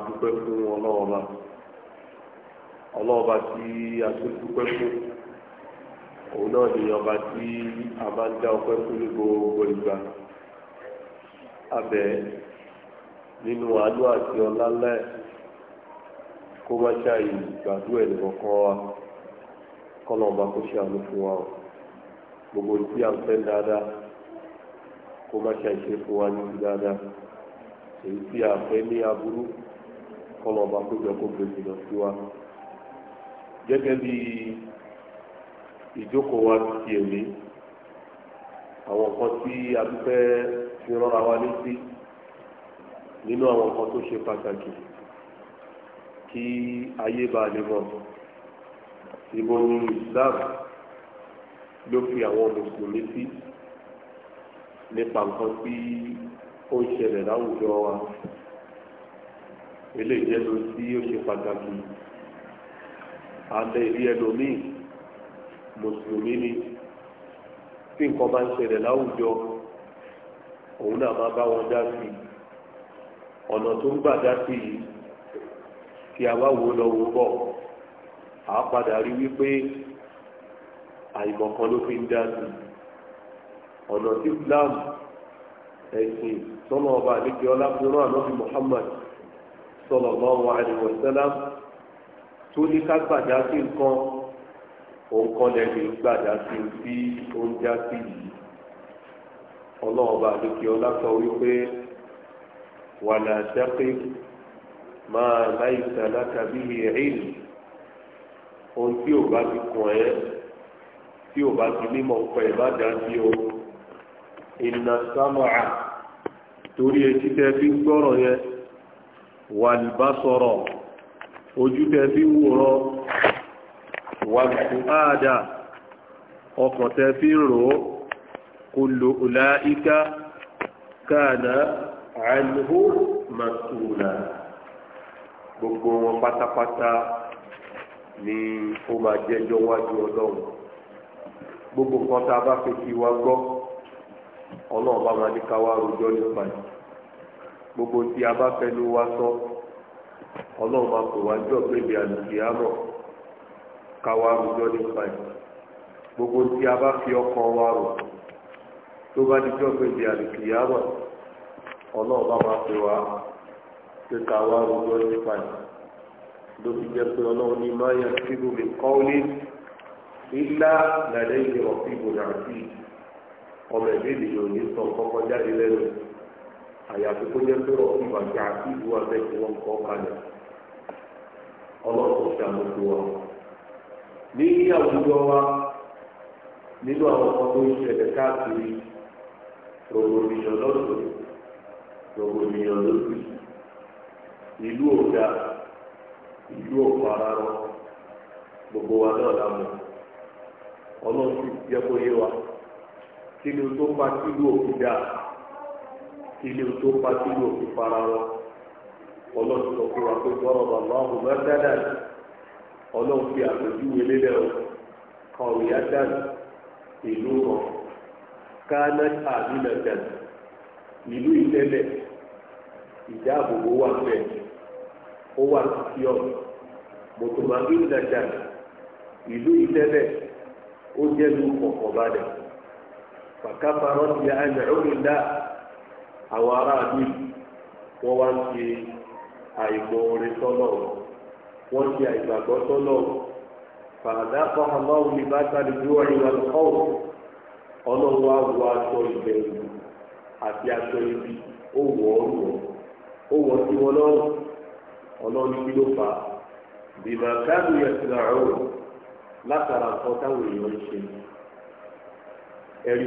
adúpẹ́ fún ọlọ́ọ̀ba ọlọ́ọ̀ba tí a tún dúpẹ́ fún òun náà ni ọba tí a bá ń dá ọpẹ́ fún ní gbogbo ìgbà abẹ nínú àánú àti ọlá ńlá kó má ṣàyè gbàdúrà ẹnìkọ̀ọ̀kan wa kọ́nà wa o gbogbo tí a ń fẹ́ dáadáa kó má ṣàyè ṣe fún wa ní dáadáa èyí tí a fẹ́ ní aburú kọlọ ọba kójọ kó gbèsè lọ sí wa gẹ́gẹ́ bí ìjókòó wa ti èmi àwọn nǹkan tí a ti fẹ́ fi rọra wa létí nínú àwọn nǹkan tó ṣe pàtàkì kí ayé bá lè mọ̀ ibo ni Islam ló fi àwọn mùsùlùmí sí nípa nǹkan tí ó ń ṣẹlẹ̀ láwùjọ wa ilé ìjẹ́nu tí ó ṣe pàtàkì alẹ́ ilé ẹlòmíì mùsùlùmí ni tí nǹkan bá ń ṣẹlẹ̀ láwùjọ òun náà máa bá wọn dá sí i ọ̀nà tó ń gbà dá sí i kí a wá wo lọ wo bọ̀ á padà rí wípé àìmọ̀kan ló fi ń dá sí i ọ̀nà tí Islam ẹ̀sìn tọ́lọ́ ọba àlejò ọlá fún ọ́nà ànábì Muhammad sallallahu alaihi wasallam tó ní ká gbàdá sí nǹkan òǹkan lẹ́nu gbàdá sí sí oúnjẹ sí yìí ọlọ́run bá dúkìá ọlásọ wípé wàlà dápé máa láì sàlákà bí ìrìn ohun tí ò bá ti kàn ẹ́ tí ò bá ti mímọ̀ pẹ̀ má dá sí o ìnà sámọ̀à torí etí tẹ́ fi ń gbọ́rọ̀ yẹn wàlbásọ̀rọ̀ ojú tẹ́fí wòrọ wàlfùáàdà ọkọ̀ tẹ́fí rò kullu ulaika kana anhu mas'ula gbogbo wọn pátápátá ni ó máa jẹ́jọ́ wájú ọlọ́run gbogbo nǹkan tá a bá fi kí wa gbọ́ ọlọ́run bá máa ní ká wá rojọ́ nípa yìí gbogbo tí a bá fẹnu wa sọ ọlọ́run máa pè wá jọ pé bí àlùkìyàmọ̀ káwa nípa gbogbo tí a bá fi ọkọ wa rò tó bá di jọ pé bí àlùkìyàmọ̀ ọlọ́run bá máa pè wá pé káwa rújọ́ nípa pé ọlọ́run ní kọ́ ilá sí àyàfi kó jẹ́ pé ọ̀hún ìbàjẹ́ àti ìlú abẹ́ tí wọ́n kọ́ kalẹ̀ ọlọ́run ṣe àmójú wa ní àwùjọ wa nínú àwọn ọkọ tó ń ṣẹlẹ̀ káàkiri rògbòmìyàn lọ́sùn rògbòmìyàn lójú ìlú ọ̀dà ìlú ọ̀pararọ gbogbo wa náà la mọ̀ ọlọ́run ti jẹ́ kó yé wa kí ni tó pa kí ìlú òkú dáa. ilé tó pa sí ìlú òfin para wọn ọlọ́run sọ fún wa pé bọ́rọ̀ bàbá ọ̀hún mẹ́tẹ́lẹ̀ ọlọ́run fi àpèjúwe lélẹ̀ o kọ̀wé ádàn ìlú rọ̀ káná àdínà ìlú ìtẹ́lẹ̀ ìdáàbòbò wà ó wà títí ọ̀ ìlú ìtẹ́lẹ̀ ó jẹ́ lu kọ̀ọ̀kan balẹ̀ àwọn aráàlú wọ́n wá ń ṣe àìmọ̀ tọ́lọ̀ wọ́n ṣe àìgbàgbọ́ tọ́lọ̀ fàdà fọhàmọ́ òní bá sáré bí wọ́n ìwà lọ́wọ́ ọlọ́run wá wọ aṣọ ìbẹ̀rù àti aṣọ ibi ó wọ̀ ọ́ wọ̀ ó wọ̀ sí wọn lọ́wọ́ ló fà á bìbà káàdù yẹn ti rà ọ́ látara táwọn èèyàn ń ṣe ẹ̀rí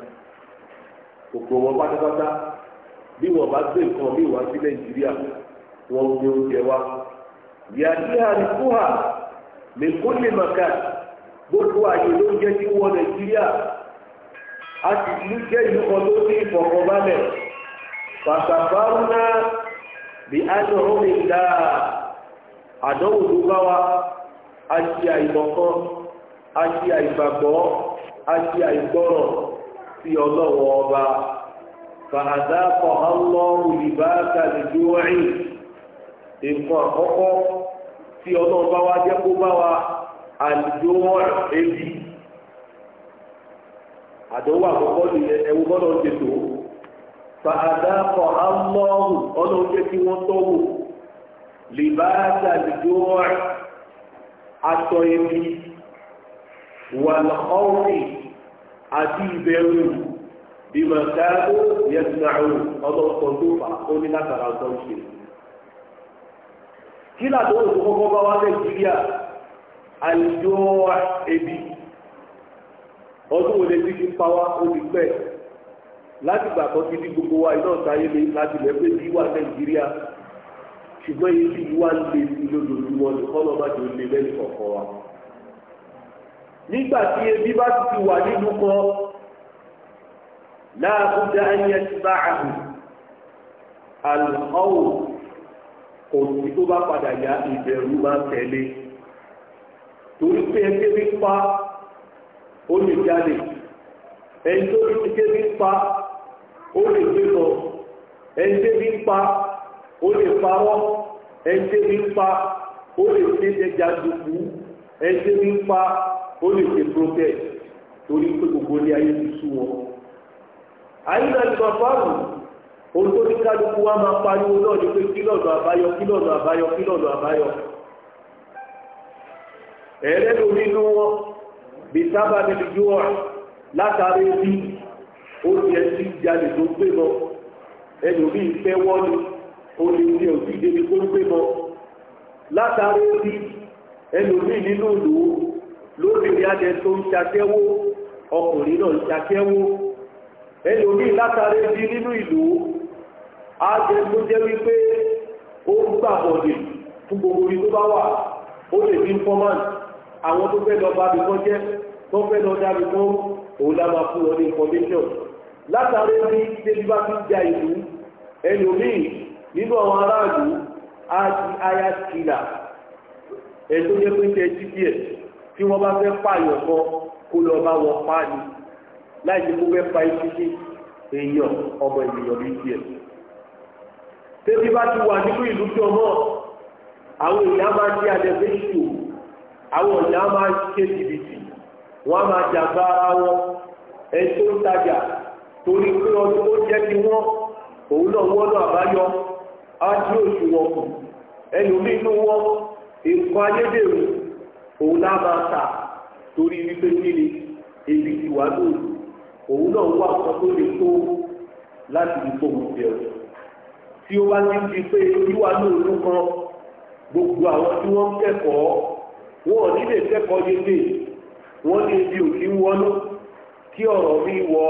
gbogbo wọn pátápátá bí wọn bá gbé nǹkan bí wọn sí nàìjíríà wọn gbé oúnjẹ wa yàtí àríkúhà mẹkọlẹ màkà gbogbo àyè ló ń jẹ sí wọ nàìjíríà a sì ló jẹ ìlú kan tó ní ìfọ̀kànbalẹ̀ pàṣàfàrúnà bí àjọrò lè dá àdánwò tó bá wa a ṣe àìmọ̀kan a ṣe àìgbàgbọ́ a ṣe àìgbọràn sí ọlọ́wọ́ ọba fàhàdà kọ̀ọ̀lọ́ olùbáàkà lójú ẹ̀yìn nǹkan àkọ́kọ́ tí ọlọ́run bá wá jẹ́ kó bá wa àlùjọ ẹbí àdánwò àkọ́kọ́ nílẹ̀ ẹ̀wù bọ́lọ̀ ń tètò fàhàdà kọ̀ọ̀lọ́ ọlọ́run jẹ́ kí wọ́n tọ́wò libaaza àlùjọ aṣọ ẹbí wàlọ́ọ̀rì. àti ìbẹ̀rù ìmọ̀ káàkó yẹtùnáàrù ọlọ́pọ̀ tó fà ó ní látara ọ̀tọ̀ ṣe. kí làtọ́ òkú kọ́kọ́ bá wá nàìjíríà àìjọ ebi ọdún wo lè ti fi ó ti pẹ́ láti gbà gbogbo wa iná láti wà nàìjíríà ṣùgbọ́n ń lójoojúmọ́ ní lè wa. nígbàtí ebi bá ti wà nínú kọ láàbúdá ẹni ẹtì bá àrùn alùpàwò kò sí tó bá padà yá ìbẹ̀rù máa tẹ̀lé torí pé ẹgbẹ́ mi pa ó lè jáde ẹni tó ti ké mi pa ó lè gbé lọ ẹni tó mi pa ó lè parọ́ ẹni tó mi pa ó lè ṣe ẹja dùkú ẹni tó mi pa ó lè ṣe protest torí pé gbogbo ilé ayé ti sú wọn. àyíká ti máa fáwọn ohun tó ní kálukú wa máa pariwo náà ni pé kí lọ́nà àbáyọ kí lọ́nà àbáyọ kí lọ́nà àbáyọ. ẹ̀ẹ́dẹ́gbẹ̀ onínú wọn bí sábà níbi yóò wà látàrí bí ó ti ẹtí jalè tó gbé mọ ẹlòmíì fẹ́ wọ́ni ó lè ní òbí débi tó gbé mọ látàrí bí ẹlòmíì nínú ìlú lóbìnrin adẹ tó ń ṣakẹ́wó ọkùnrin náà ń ṣakẹ́wó ẹlòmí látàrí di nínú ìlú adẹ tó jẹ́ wípé ó ń gbàbọ̀dè fún gbogbo ibi tó bá wà ó lè ní informant àwọn tó fẹ́ lọ bá mi kọ́ jẹ́ tó fẹ́ lọ dá mi kọ́ òun lá máa fún wọn ní information látàrí ní débi bá ti ja ìlú ẹlòmí nínú àwọn aráàlú ayá kìlà ẹ̀ tó yẹ pé tẹ́ ẹ tí wọ́n bá fẹ́ pààyàn kan kó lọ bá wọn pa ni láì ní kó fẹ́ pa ibi sí èèyàn ọmọ ènìyàn bíi tiẹ̀. tẹ́bí bá ti wà nínú ìlú tó mọ́ àwọn èèyàn máa ń ṣe àdẹ́gbẹ́sù àwọn èèyàn máa ń ṣe jìbìtì wọ́n á máa jàgbá ara wọn ẹni tó ń tajà torí pé ọdún ó jẹ́ ti wọ́n òun náà wọ́n náà àbáyọ á dúró òṣùwọ̀n kù ẹni omi inú wọn nǹkan ayédèrú òun náà máa ta torí wípé kíni ebi ti wà lóòrù òun náà wà nǹkan tó lè tó láti fi fóun jẹun tí ó bá ti di pé wíwà lóòrù kan gbogbo àwọn tí wọ́n ń kẹ́kọ̀ọ́ wọn ò ní lè kẹ́kọ̀ọ́ yéde wọ́n ní ebi ò kí ń kí ọ̀rọ̀ mi wọ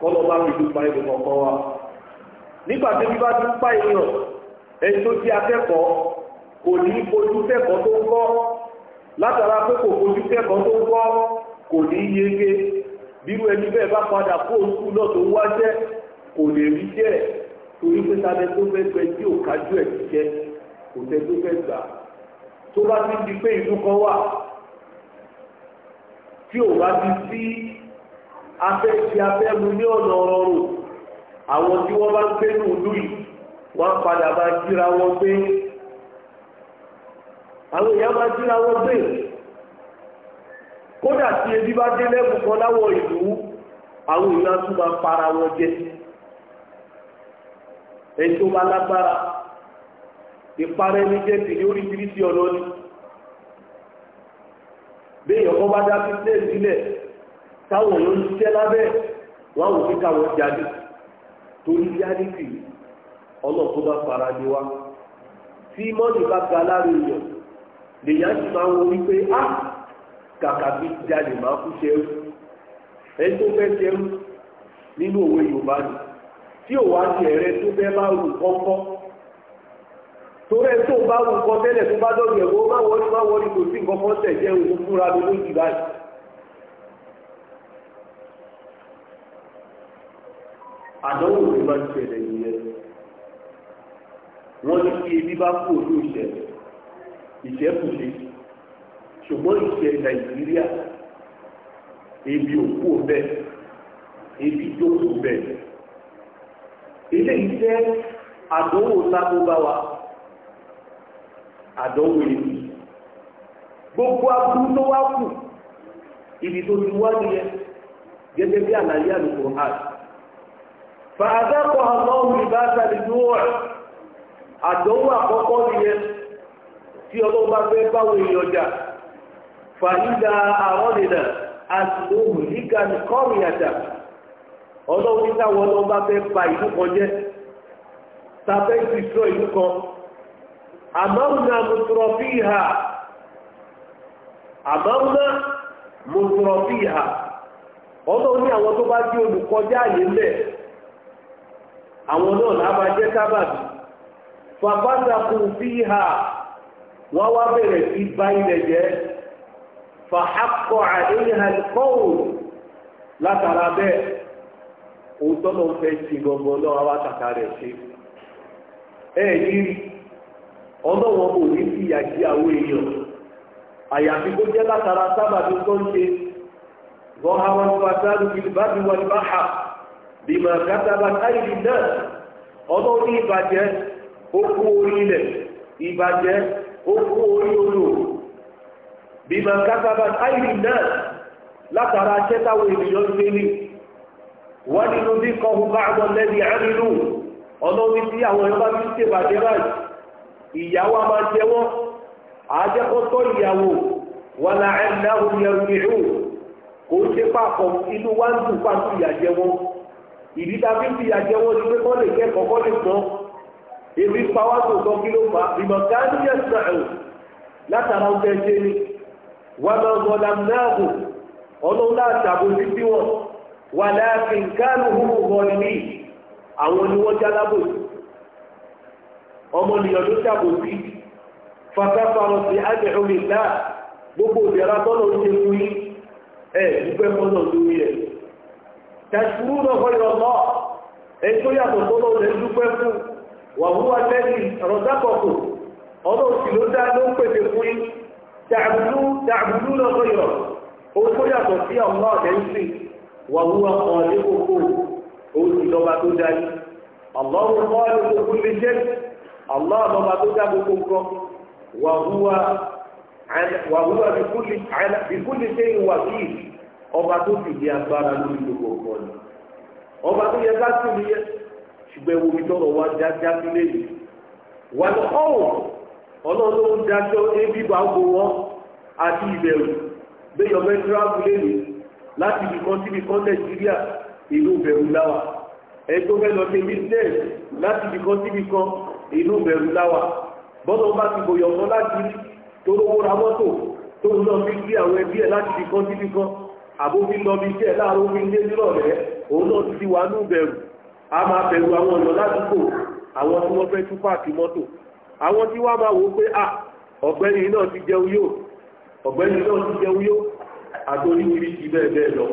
kọ́lọ́ bá fi dúpa ẹ̀dùn kọ̀ọ̀kan wa nígbà tí bí bá dúpa èèyàn ẹni tó ti akẹ́kọ̀ọ́ kò ní ojú kẹ́kọ̀ọ́ tó ń kọ́ látara pé kò fojú kẹ́kọ̀ọ́ tó gbọ́ kò ní yege bírú ẹni bẹ́ẹ̀ bá padà fóònù náà tó wáṣẹ́ kò lè rí jẹ́ torí pé sábẹ́ tó fẹ́ gbẹ tí ò kájú ẹ̀ jíjẹ kò tẹ́ tó fẹ́ gbà tó bá ti di pé ìlú kan wà tí ò bá ti sí afẹ́ ti afẹ́ mu ní ọ̀nà ọ̀rọ̀rùn àwọn tí wọ́n bá ń gbé nù lùyìí wọ́n padà bá jíra wọn pé àwọn èèyàn máa jíra wọn gbé kódà tí ebi bá dé lẹ́bùn kan láwọn ìlú àwọn èèyàn tún máa para wọn jẹ ẹni bá lágbára ìparẹ́ ní jẹ́sì ní oríṣiríṣi ọ̀nà ni béèyàn bá dá bísíǹsì sílẹ̀ táwọn èèyàn ń lábẹ́ wọn àwọn jáde torí bá ni wá tí mọ́nì bá ga lára èèyàn lèyàn sì máa wo wípé á kàkà bí jalè máa kú ṣe ẹrú ẹni tó fẹ́ ṣe ẹrú nínú òwe Yorùbá ni tí ò wá ti ẹ̀rẹ́ tó fẹ́ bá rù kọ́kọ́ torí ẹ̀ tó bá rù kọ́ tẹ́lẹ̀ tó bá dọ̀gbẹ̀ ó má wọlé má wọlé kò sí nǹkan kan jẹ́ òun fúnra mi lójì báyìí. àdánwò rẹ̀ máa ń ṣẹlẹ̀ nìyẹn wọ́n ní kí ebi bá kú òlú ìṣẹ̀lẹ̀ ìṣẹ́kùṣe ṣùgbọ́n ìṣe nàìjíríà ebi òkú ebi jókòó ọ̀bẹ eléyìí jẹ́ àdánwò lágbóbáwa àdánwò gbogbo aburú tó wá kù ibi tó ti wá nìyẹn gẹ́gẹ́ bí àlàyé àlùkò hàn àdánwò àkọ́kọ́ nìyẹn tí ọlọ́run bá fẹ́ báwọn èèyàn jà fàyídà àrọ́nìnà àtìlóhùn nígbà ní kọ́rin àjà ọlọ́run táwọn bá fẹ́ pa ìlú kan jẹ́ tàbẹ́ ti sọ kan àmọ́nà wọ́n wá bẹ̀rẹ̀ sí bá ilẹ̀ jẹ́ fàákọ̀ àdéhìhàn kọ́wùn látara bẹ́ẹ̀ òótọ́ ló ń fẹ́ gbogbo ọlọ́wọ́ wá tàkà rẹ̀ ṣe ẹ yí ọlọ́wọ́n kò ní sí ìyàjí àwọn èèyàn àyàfi kó jẹ́ tó ń ṣe gọ́háwọn bá hà náà ní ìbàjẹ́ ó kú orí ilẹ̀ ó fún orí olú bí ma kásábà áìrí náà látara ṣẹ́tàwọ̀ ènìyàn ṣe wọ́n nínú bí kọ́hún bá àwọn lẹ́bi àmìlú ọlọ́wí tí àwọn ẹ̀rọ bí ṣèbàjẹ́ báyìí ìyàwó a máa jẹ wọ́n ìyàwó wọn là ẹ̀ náà ìhù kò ṣe pàpọ̀ inú wá ń dùn pàtó ìyàjẹ́ wọn ebi pa wá tó sọ kí látara ọ̀tẹ̀ ṣe ni wọ́n máa ń náà bò láti àbójú sí wọn wà láàfin káàdì hùwù wọlé ní àwọn ni wọ́n ọmọnìyàn ṣàbòsí sí gbogbo tọ́lọ̀ ṣe fún yín ẹ̀ dúpẹ́ mọ́nà lórí ẹ̀ náà ẹ̀ tó yàtọ̀ tọ́lọ̀ dúpẹ́ fún wàhúwà lẹ́yìn rọ̀dápọ̀kù ọlọ́run sì ló ló ń pèsè fún yín tàbùlú tàbùlú yàtọ̀ sí ọ̀nà ọ̀dẹ́sì wàhúwà tó dá ọlọ́run kọ́ ní gbogbo jẹ́ ọlọ́run tó gbogbo nǹkan ọba tó fìdí agbára lórí gbogbo ọba tó yẹ ṣùgbọ́n ewu mi tọrọ wá dájá sílé yìí wà ní ọ̀hún ọlọ́run ló ń dájọ́ ebi bá gbó wọn àti ìbẹ̀rù gbéyọ̀ mẹ́tírà abúlé mi láti ibì kan síbi kan nàìjíríà ìlú bẹ̀rù láwà ẹgbẹ́ fẹ́ lọ ṣe business láti ibì kan síbi kan ìlú bẹ̀rù láwà bọ́dọ̀ bá ti bòyọ̀ kan láti tó lówó ra mọ́tò tó ń lọ fi gbé àwọn ẹbí ẹ̀ láti ibì kan síbi kan àbófin lọ bí iṣẹ́ láàárọ̀ omi ilé nírọ̀lẹ́ òun náà ti ti wà ní ìbẹ̀rù a máa bẹ̀rù àwọn ọ̀nà ládùúgbò àwọn tí wọ́n fẹ́ tú páàkì mọ́tò àwọn tí wá máa wò pé à ọ̀gbẹ́ni náà ti jẹun yóò ọ̀gbẹ́ni náà ti jẹun yóò àtòrí oríṣi bẹ́ẹ̀ bẹ́ẹ̀ lọ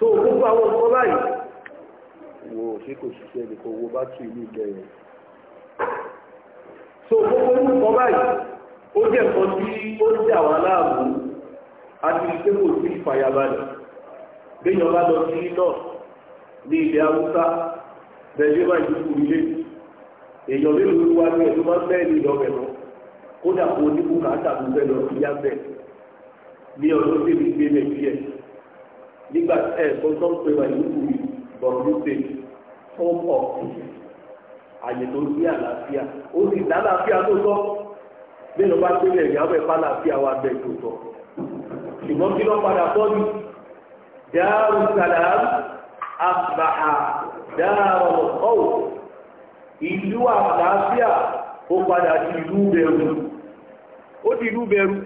so gbogbo àwọn ọ̀sán báyìí wo ṣé kò ṣiṣẹ́ nìkan owó bá tù ìlú ìjẹ yẹn so gbogbo orúkọ báyìí ó jẹ́ kan tí ó ń jà wá láàmú àti ìṣẹ́kọ̀ọ́ sí ìfàyàbalẹ̀ gbéyàn bá lọ sí north ní ilẹ̀ haúsá bẹ̀rẹ̀ máa ju kù nílé èèyàn lè lórí wá ní ẹ̀dọ́ máa ń bẹ́ẹ̀ ní ìlọ́bẹ̀ lọ kódà kó oníkù káàtà tó bẹ́ẹ̀ lọ sí yá bẹ́ẹ̀ ní ọdún tí mi gbé mẹ́ bí ẹ̀ nígbà ẹ̀ tọ́tọ́ ń pè máa ju kù ní bọ̀rọ̀dún tè fún ọ̀ àyè tó ní àlàáfíà ó sì ní àlàáfíà tó tọ́ bí ẹ̀rọ bá gbé lẹ̀ ìyàwó ẹ̀ bá àlàáfíà wa bẹ́ẹ̀ tó tọ́ ṣùgbọ́n kí lọ́ padà bọ́ mi dáhùn sàlàámù asbaha dáàrọ̀ ọ̀wọ̀ ìlú àlàáfíà ó padà di ìlú bẹ̀rù ó di ìlú bẹ̀rù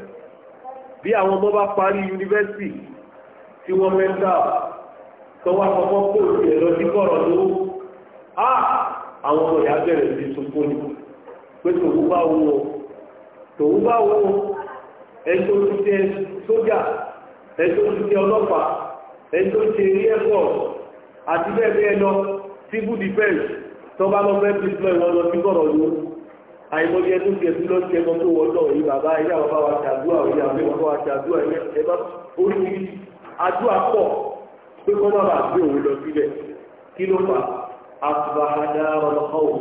bí àwọn ọmọ bá parí yunifásitì tí wọ́n mẹ́ta tọwọ́ àkọ́kọ́ kò sí ẹ̀lọ sí kọ̀rọ̀ tó á àwọn ọmọ ìyá bẹ̀rẹ̀ sí sunkún ni pé tòun bá wọ ẹjọ́ ti tẹ sójà ẹjọ́ ti tẹ ọlọ́pàá ẹjọ́ ti rí ẹ̀kọ́ àti bẹ́ẹ̀ bẹ́ẹ̀ lọ civil defence tó bá lọ fẹ́ deploy wọn lọ sí gbọ́rọ̀ ló àìmọye ẹdún tiẹ̀ sí lọ́sí ẹgbọ́n tó wọ́n náà yìí bàbá ilé àwọn bá wa ṣàdúrà ilé àwọn bá wa ṣàdúrà ilé ẹ bá oríṣiríṣi àdúrà pọ̀ pé kọ́ má bàa gbé òun lọ sílẹ̀ kí ló fà àfàdà ọlọ́kọ̀ọ́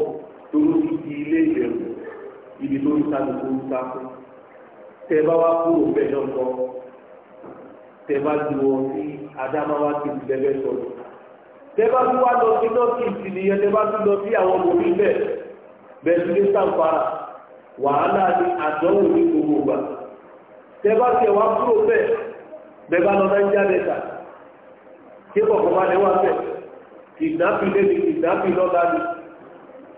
torí ti di ilé ìbẹ̀rù ibi tó ń sáré tó ń sá fún tẹ bá wá kúrò bẹ́ẹ̀ lọ́kọ́ tẹ bá ju wọn sí adámáwá ti bẹ́ẹ̀ sọ̀rọ̀ tẹ́bá tó wá lọ sí nọ́ọ̀kì ìsìnìyàn tẹ́bá tó lọ sí àwọn òbí bẹ́ẹ̀ bẹ́ẹ̀ sí ní sàǹfàrà wàhálà ní àdánwò ní gbogbo gbà tẹ́bá tẹ̀ wá kúrò bẹ́ẹ̀ bẹ́ẹ̀ bá lọ náíjà lẹ́tà tí kọ̀ọ̀kan bá lẹ́wà bẹ́ẹ̀ kìdnápì lẹ́ni kìdnápì lọ́la ni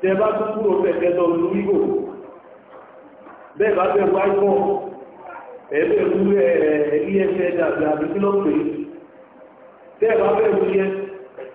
tẹ́bá tó kúrò bẹ́ẹ̀ kẹ́ lọ lu ìgò bẹ́ẹ̀ bá bẹ́ẹ̀ wá ikọ̀ ẹ̀ẹ́bẹ̀ẹ́ wúlẹ̀ ẹ̀ẹ́dẹ́gbẹ̀ẹ́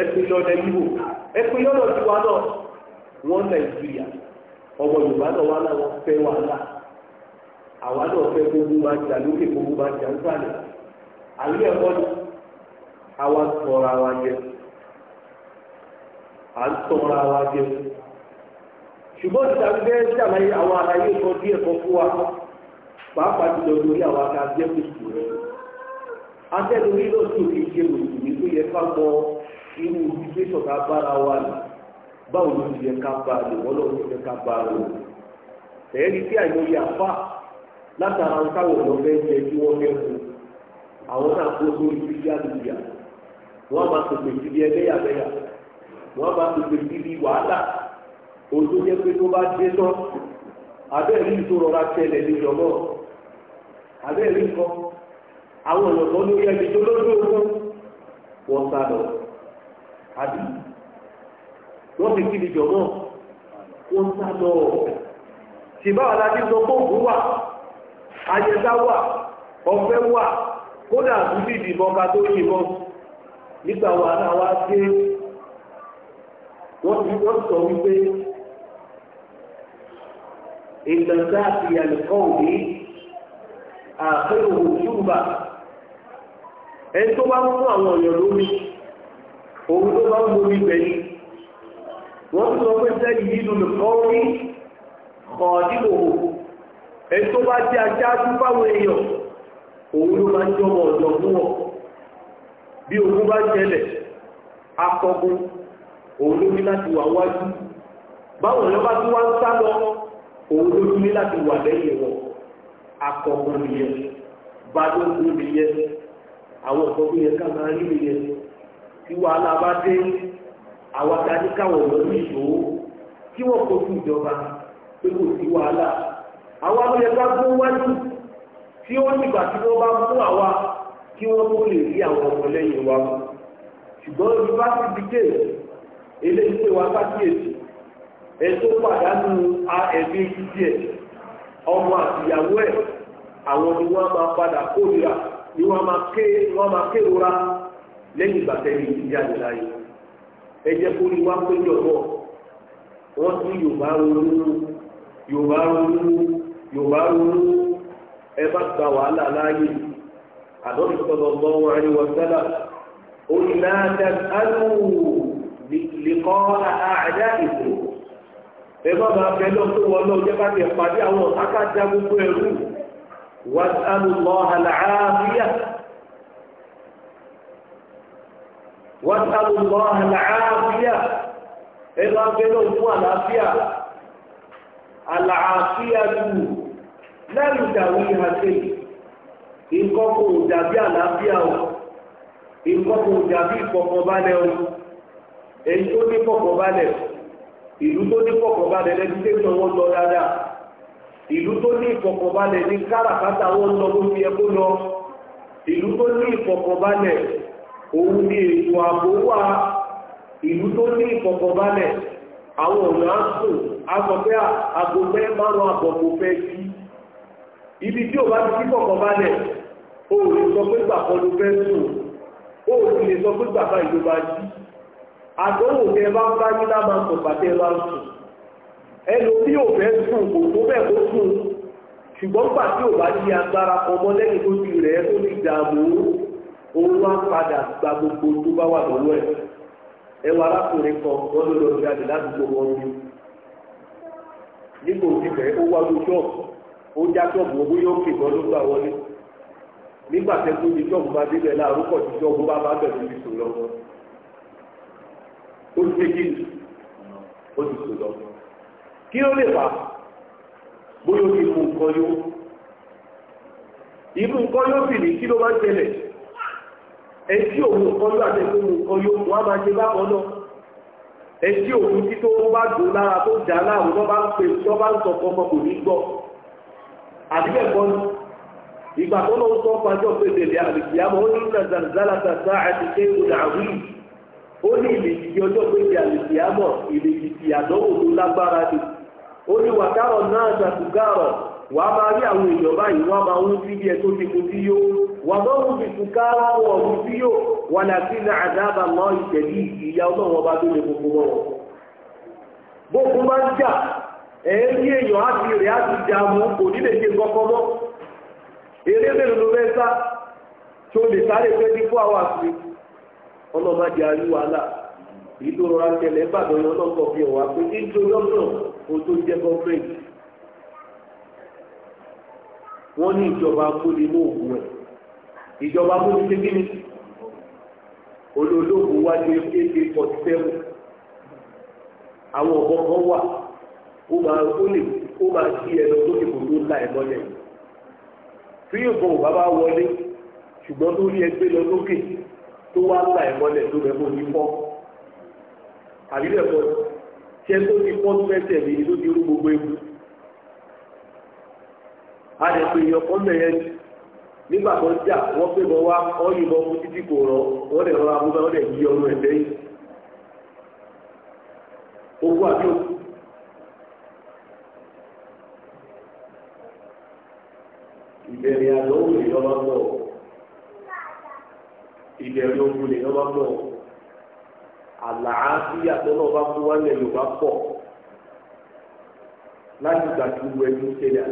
ẹ̀pìnlẹ̀ ọ̀dẹ yíwò ẹ̀pìnlẹ̀ ọ̀dọ̀ ti wá náà wọ́n nàìjíríà ọmọ yorùbá náà wá láwọn fẹ́ wàhálà àwa náà fẹ́ gbogbo máa jà lókè gbogbo máa jà nísàlẹ̀ àlẹ́ ẹ̀kọ́ ni àwa tọ̀ra wa jẹ à ń tọ̀ra wa jẹ ṣùgbọ́n ìta gbẹ́ ṣàlàyé àwọn àlàyé kan díẹ̀ kan fún wa pàápàá jùlọ lórí àwọn akájẹ́ kùsùn rẹ̀ atẹ́lórí lọ́sùn kì í ṣe kùsùn ní tó yẹ ká mọ irú situation ká bára wa lò báwo ló ti yẹ ká bá a lò wọ́n lọ́wọ́ ti yẹ ká bá a lò tẹ̀yẹ́ ni àìmọye àfa látara táwọn ọ̀dọ́ fẹ́ jẹ kí wọ́n fẹ́ àwọn náà kó sórí wọ́n á máa tètè ẹlẹ́yàmẹ́yà wọ́n á máa tètè wàhálà jẹ́ pé tó bá dé tán abẹ́rẹ́ yìí tó rọra abẹ́rẹ́ yìí àwọn ló yẹ tó àbí wọ́n ti kí ni jọ̀mọ́ ó ń sá lọ ṣìbáwá la ti sọ fóògùn wà ayẹta wà ọ̀fẹ́ wà kódà àbúlé ìdìbọn ká tó yìnbọn nígbà wà náà wá dé wọ́n ti wọ́n sọ wípé ìgbàgbá àti àlùkò òní àfẹ́ òhùn ṣùgbà ẹni tó bá mú àwọn ọ̀yàn lómi. òun ló bá ń bomi gbẹ̀yìn wọ́n tún sọ pé sẹ́yìn nínú nìkan rí kọ̀ọ̀dínlòwò tó bá jẹ́ ajá fúnfáwọn èèyàn òun ló máa ń jọmọ ọ̀dọ̀ fún wọn bí ogun bá ṣẹlẹ̀ akọgun òun ló ní láti wà wájú báwọn èèyàn bá tún wá ń sá lọ òun ló ní láti wà lẹ́yìn wọn akọgun nìyẹn nìyẹn àwọn ọ̀kọ́gun yẹn ká máa tí wàhálà bá dé káwọn olórí ìṣòwò kí wọ́n kojú ìjọba pé kò sí wàhálà àwọn abúlé bá wájú tí ó nígbà tí wọ́n bá mú àwa kí tó lè rí àwọn ọmọ wa mú ti di eléyìí pé wàá pàdánù ọmọ àtìyàwó àwọn ni máa padà kórìíra ni máa ké máa lẹ́yìn ìgbà tẹ́lẹ̀ ti jáde láyé ẹ jẹ́ kó rí wá péjọ bọ̀ wọ́n tún yorùbá ronú yorùbá ronú yorùbá ronú ẹ bá gba wàhálà láàyè àdókè sọ̀rọ̀ lọ́wọ́ àríwá sẹ́là ó ní láàdá alù lèkọ́ àdá ìbò ẹ bá bá bẹ lọ́kọ́ wọn lọ́wọ́ jẹ́ bá tẹ̀ pàdé àwọn akájá gbogbo ẹ̀rú wàhálà àlùmọ́ àlàáfíà. واسأل الله العافية إذا بلغوا العافية العافية لا يداويها شيء ìkọ́kọ́ dàbí àlàáfíà o ìkọ́kọ́ dàbí ìfọ̀kànbalẹ̀ o èyí tó ní fọ̀kànbalẹ̀ ìlú tó ní fọ̀kànbalẹ̀ lẹ́nu tó ń wọ́n lọ dáadáa ìlú tó ní ìfọ̀kànbalẹ̀ ní káràkátà wọ́n lọ bó ti lọ ìlú tó ní ìfọ̀kànbalẹ̀ òun ni ètò ààbò ìlú tó ní ìfọ̀kànbalẹ̀ àwọn ọ̀nà àsùn agbọ̀fẹ́ agbọ̀fẹ́ márùn àbọ̀kò fẹ́ sí ibi tí ò bá ti o ò lè sọ pé gbàkan o ò lè sọ pé gbàkan ìjọba jí àdánwò tẹ bá bá ní lábàá sọ bá sùn ẹnu tí ò fẹ́ sùn kò tó owó apadà gba gbogbo tó bá wà lọ́wọ́ ẹ̀ ẹwà arákùnrin kan wọ́n ló lọ sí ládùúgbò wọn bí nígbà bẹ́ẹ̀ ó wá lu ṣọ́ọ̀bù ó já ṣọ́ọ̀bù owó yóò kì bọ́ wọlé nígbà tẹ́kù ní ṣọ́ọ̀bù bá débẹ̀ láàrú pọ̀ ẹtí òun kọjú àtẹ̀tí òun kọjú wọn máa ṣe bákan náà ẹtí òun tí tó bá dùn lára tó dà láàrú tó bá ń pè tó bá ń sọ fọmọ kò ní gbọ́ àdìgbẹ̀kọ́ ni ìgbà tó lọ sọ pàjọ́ pé bèbè àbìkì àmọ́ ó ní nàzàzàlà tàtà àti kéwòn àwìn ó ní ìlèjì tí ọjọ́ pé bèbè àbìkì àmọ́ ìlèjì tí àdánwò tó lágbára ni ó ní wàtárọ̀ náà ṣàtúgárọ̀ wàá máa rí àwọn èèyàn báyìí wọ́n máa wú sí bí ẹ tó ti kú sí yó wà bọ́ wù sí kúkà wọ́n wọ̀ wù sí yó wà láti ní àdáàbà mọ́ ìtẹ̀lí ìyá ọlọ́run ọba tó lè gbogbo wọn. bókun bá ń jà ẹ̀ẹ́dí èèyàn á ti rẹ̀ á ti jà mú kò ní lè ṣe kọ́kọ́ mọ́ eré mélòó ló fẹ́ sá tó lè sáré fẹ́ ní fún àwọn àti ọlọ́mọdé ayé wàhálà ìdúró rántẹ̀lẹ́ bàdàn yọ wọ́n ní ìjọba múni mú òògùn ẹ̀ ìjọba múni ṣe kíni olólógún wá ní eight eight forty seven àwọn ọ̀bọ kan wà ó máa ó lè ó máa kí ẹ lọ sókè kò tó la ẹ mọ́lẹ̀ tí ìbọn ò bá bá wọlé ṣùgbọ́n tó rí ẹgbẹ́ lọ sókè tó wá la ẹ mọ́lẹ̀ tó rẹ kó ní fọ́ àbí lẹ́kọ̀ọ́ ṣẹ́ tó ti fọ́ tó fẹ́ tẹ̀lé ló ti rú gbogbo ewu. àdẹ̀kù ìyọkọ́ mẹ́yẹn nígbà tó jà wọ́n pé bọ́ wá ọ́yìnbọn fún títí kò rọ wọ́n lè rọra múlá wọ́n lè yí ọrùn ẹ̀ lẹ́yìn owó àti òkú. ìbẹ̀rẹ̀ àdánwò lè ìbẹ̀rẹ̀ lè àlàáfíà tó náà bá kú wálẹ̀ pọ̀ láti gbàdúrà ẹni ṣẹlẹ̀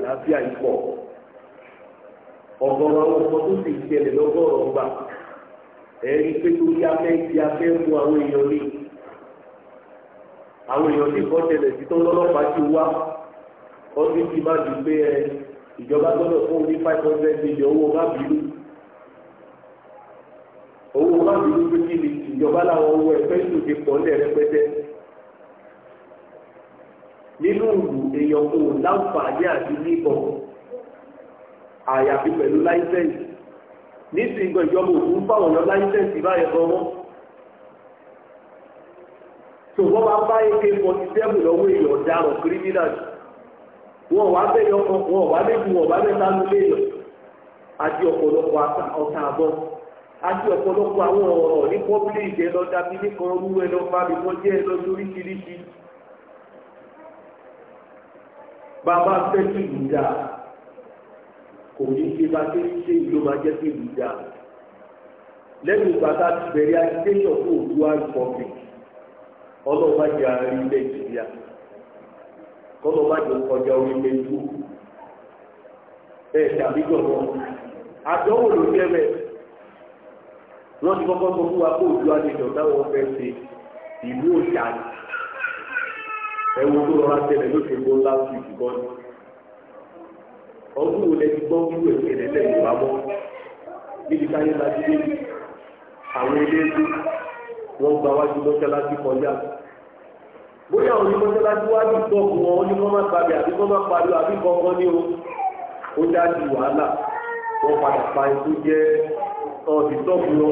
ọ̀gọ̀rọ̀ àwọn ọmọ tó sì jẹlẹ̀ lọ́gọ́rọ̀ gbà ẹ̀rí pé torí afẹ́ ti afẹ́ mú àwọn èèyàn ní àwọn èèyàn ní kọ́ tẹ̀lẹ̀ sí tó lọ́lọ́pàá ti wá ọdún ti má dùn pé ẹ ìjọba gbọ́dọ̀ fún ní five hundred million owó má bínú owó má bínú pé kí ni ìjọba làwọn owó ẹgbẹ́ ìṣòdì pọ̀ ní ẹ̀rẹ́pẹ́tẹ́ nínú ìlú èèyàn kò láǹfààní àti níbọ̀ àyàfi pẹ̀lú láìsẹ̀nsì n'isi nǹkan ìjọba òkú ń fáwọn ọ̀yọ́ láìsẹ̀nsì báyẹn gan wọ́n tó wọ́n bá bá ak forty lọ́wọ́ èèyàn ọ̀daràn criminal wọn wá bẹ́ẹ̀ ọkọ̀ wọn wá wá léèyàn àti ọ̀pọ̀lọpọ̀ kò ní ṣe bá ṣe ń ṣe ìlú máa jẹ́ sí ìlú dáa lẹ́nu ìgbàta bẹ̀rẹ̀ agitation fún Oòduà republic ọlọ́run má jẹ́ ààrẹ ilẹ̀ Nàìjíríà kọ́lọ́ má jẹ́ kọjá orílẹ̀ ìlú ẹ̀ tàbí gbọ̀ngàn àdánwò ló jẹ́ bẹ́ẹ̀ wọ́n ti kọ́kọ́ sọ fún wa kó Oòduà nation táwọn fẹ́ ṣe ìlú òṣà ẹ̀wọ̀n tó rọra tẹ̀lé lóṣèlú ńlá sí ìdúgbọ́n ọdún wo lẹ ti gbọ́ wíwú ẹ̀sìn ẹ̀lẹ́lẹ̀ yorùbá níbi táyé bá ti dé àwọn eléyìí wọ́n gba wájú mọ́ṣáláṣí kọjá bóyá òní mọ́ṣáláṣí wá ní ìtọ́kù wọn ó ní wọ́n gbàgbé àbí wọ́n àbí kankan ní o ó dá di wàhálà wọ́n padà pa ikú jẹ́ ọ̀dì wọn.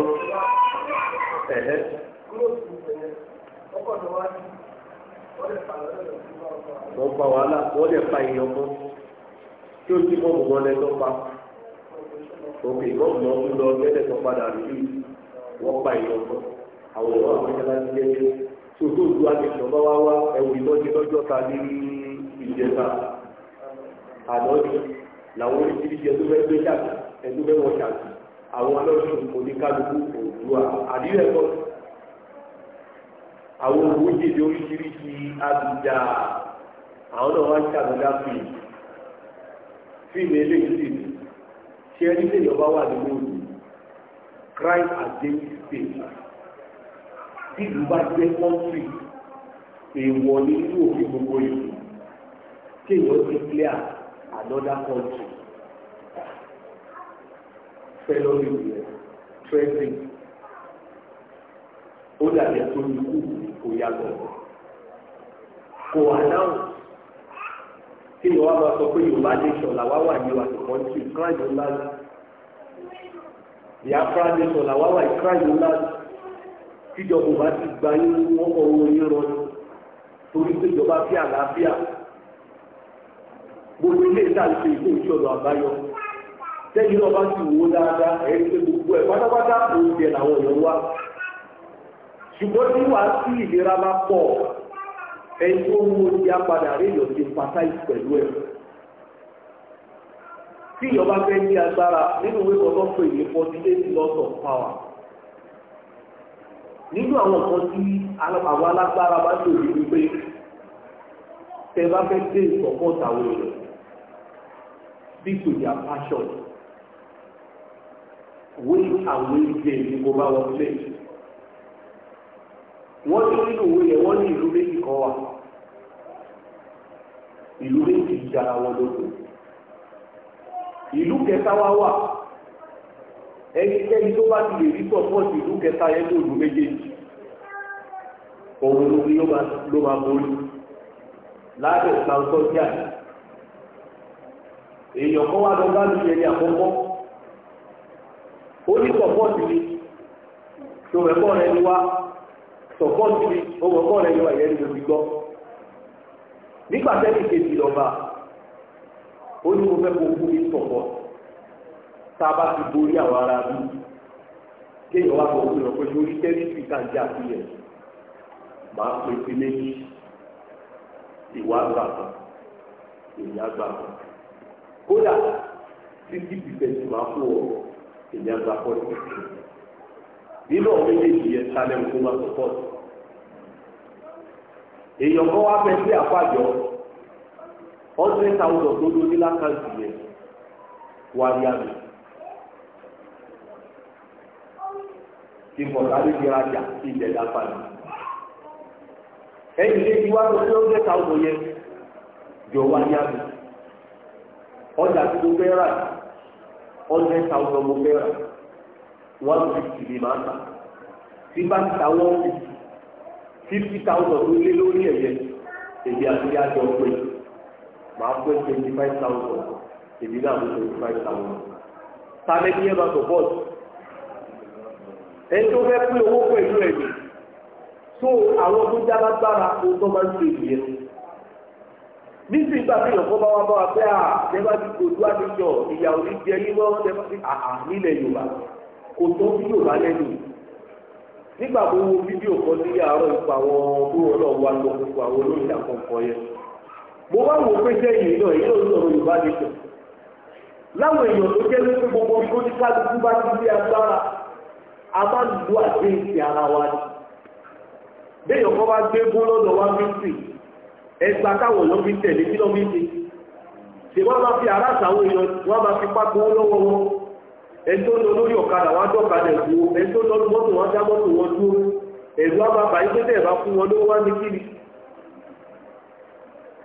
wọ́n pa wàhálà tí o ti mọ mọ lẹ tó pa òkè gọ́ọ̀nà ń lọ gẹ́gẹ́ tó padà rí wọ́n pa ìlọ́gbọ́ àwọn ìwà àmọ́jára ti lẹ́yẹ tí o tó du àgbẹ̀sọ̀ bá wá wá ẹ̀wù ìlọ́jẹ lọ́jọ́ ta ní ìjẹta àdọ́jú làwọn oríṣiríṣi ẹ̀dú fẹ́ gbé ṣàtì ẹ̀dú fẹ́ wọ ṣàtì àwọn ọlọ́sùn oníkálukú òdùà àdírẹ̀ kọ́ àwọn òwújèdè oríṣiríṣi àbújá àwọn náà wá ń ṣàtúndá fìlì bí ilé ilé yìí ṣe ẹni lè yọba wà nínú òní crime against state tí ìlú bá jẹ́ country èèwọ̀ ní inú òfin gbogbo ìlú kí èèyàn ti clear another country Fellow rẹ̀ trending ó dàbí ẹ̀tọ́ ikú kò yàgò kò announce. kí ni wọ́n máa sọ pé yorùbá nation làwa wà ní wà ní kọ́ńtì crime ńlá ni nation làwa wà ní crime ńlá ni bá ti gba yín wọ́n kọ́ owó yín rọ torí pé ìjọba fi àlàáfíà gbogbo ilé àbáyọ náà bá gbogbo ẹ̀ pátápátá òun làwọn èèyàn wá ṣùgbọ́n tí wàá sí ìlera ẹni tó mú a apadà rí èèyàn ti pàtà pẹ̀lú ẹ̀. tí ìyọba fẹ́ ní agbára nínú ìwé kan lọ́pọ̀ èyí of power. nínú àwọn nǹkan tí àwọn alágbára bá tó yìí wípé tẹ bá fẹ́ dé èèyàn bí wọ́n ní nínú òwe yẹn wọ́n ní ìlú méjì kan wà ìlú méjì jara wọn lókun ìlú kẹta wá wà ẹnikẹ́ni tó bá ti lè rí sọ́pọ́ọ̀tì ìlú kẹta yẹn ní òlù méjèèjì òun lórí ló máa borí lábẹ́ ìsànsọ́ díà èèyàn kan wá lọ bá lu yẹn ní àkọ́kọ́ ó ní sọ́pọ́ọ̀tì ni tó rẹ̀ bọ́ rẹ̀ ni wá tọ̀kọ́ síbi ohun ọkọ rẹ̀ yọ ẹ̀yẹ́ ni mo ti gbọ́ nígbà tẹ́lẹ̀ kejì lọ́ba ó ní mo fẹ́ kó kú ní tọ̀kọ́ tá a bá ti borí àwọn ará mi kéèyàn wá sọ fún ọ̀pẹ́ lórí tẹ́lifí tá a jẹ́ àfihàn máa pè sí méjì ìwà àgbà kan èyí àgbà kan kódà sixty percent máa fún èyí àgbà kan nínú ọ̀rọ̀ méjèèjì yẹn sálẹ̀ nǹkó máa sọ́pọ̀ èèyàn kan wá fẹ́ sí àpàjọ hundred thousand tó lórí lákàntì yẹn wá yá mi ìfọ̀sálẹ̀ ti rajà ìjẹ̀dá padà ẹ̀yìn lè ti wá lọ sí yẹn jọ wá ọjà fẹ́ rà mo fẹ́ rà. one fifty ni màá ta tí bá ti ta one fifty fifty thousand ló lé lórí ẹ̀yẹ èdè àti àjọ pé màá pé twenty five thousand èdè náà ló twenty five thousand tàbí ní ẹ máa sọ bọ́ọ̀sì ẹni tó fẹ́ pín owó pẹ̀lú ẹ̀yẹ tó àwọn tó já lágbára ohun tó máa ń ṣe ìyẹn nísìnyí gba fi yọ̀kọ́ bá wa bá wa pé à ṣẹ́ bá ti gbòdú àdéjọ ìyàwó ní jẹ́ yín mọ́ ṣẹ́ bá ti àhà nílẹ̀ Yorùbá kò tó fídíò bá lẹ́nu nígbà tó wo fídíò kan ní àárọ̀ ipò àwọn tó wọn náà wá lọ gbogbo àwọn olóyìn àkọ́kọ́ yẹn mo wá wò pé sẹ́yìn náà ilé ìsọ̀rọ̀ Yorùbá lè tẹ̀ láwọn èèyàn tó jẹ́ wípé gbogbo tó ní kálukú bá ti ní agbára a máa ń lo àdéhìsì ara wa ni béèyàn kan bá gbé gún lọ́dọ̀ wá mísì ẹgbà táwọn ló fi tẹ̀lé kí lọ́ mísì ṣèwọ́n máa fi aráàlú àwọn èèyàn wọ́n máa fi pákó lọ́wọ́ wọn ẹni tó lọ lórí ọ̀kadà wá dọ̀kadà ìgbò ẹni tó lọ mọ́tò wá dá mọ́tò wọn dúró ẹ̀rù àbábà yìí tó tẹ̀ bá fún wọn ló wá ní kiri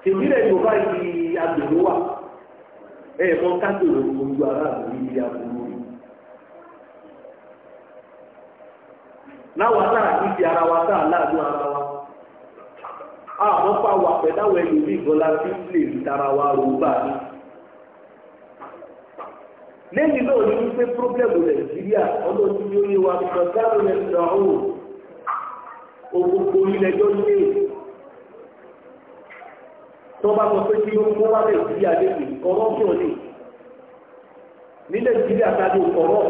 tèmílẹ̀ yorùbá yìí agbèrò wà ẹ̀ẹ̀mọ́ kájòrò gbogbo aráàlú yìí agbèrò yìí láwọn náà kí ti ara wa sáà láàánú ara wa àmọ́ pa wà pẹ̀láwọ̀ ẹ̀yìn bí ìgbọ́lá tí lè rí tara wa rò bá lẹ́yìn náà ní wípé pírọ́blẹ́mù nàìjíríà ọlọ́dún yóò yé wa kọ̀ọ̀dáró rẹ̀ ń dàn ó ògbógbó ilẹ̀jọ́ lé tó bá sọ pé kí ó kó wá nàìjíríà lẹ́yìn kọ́rọ́pọ̀ ni ní nàìjíríà tàbí kọ̀rọ̀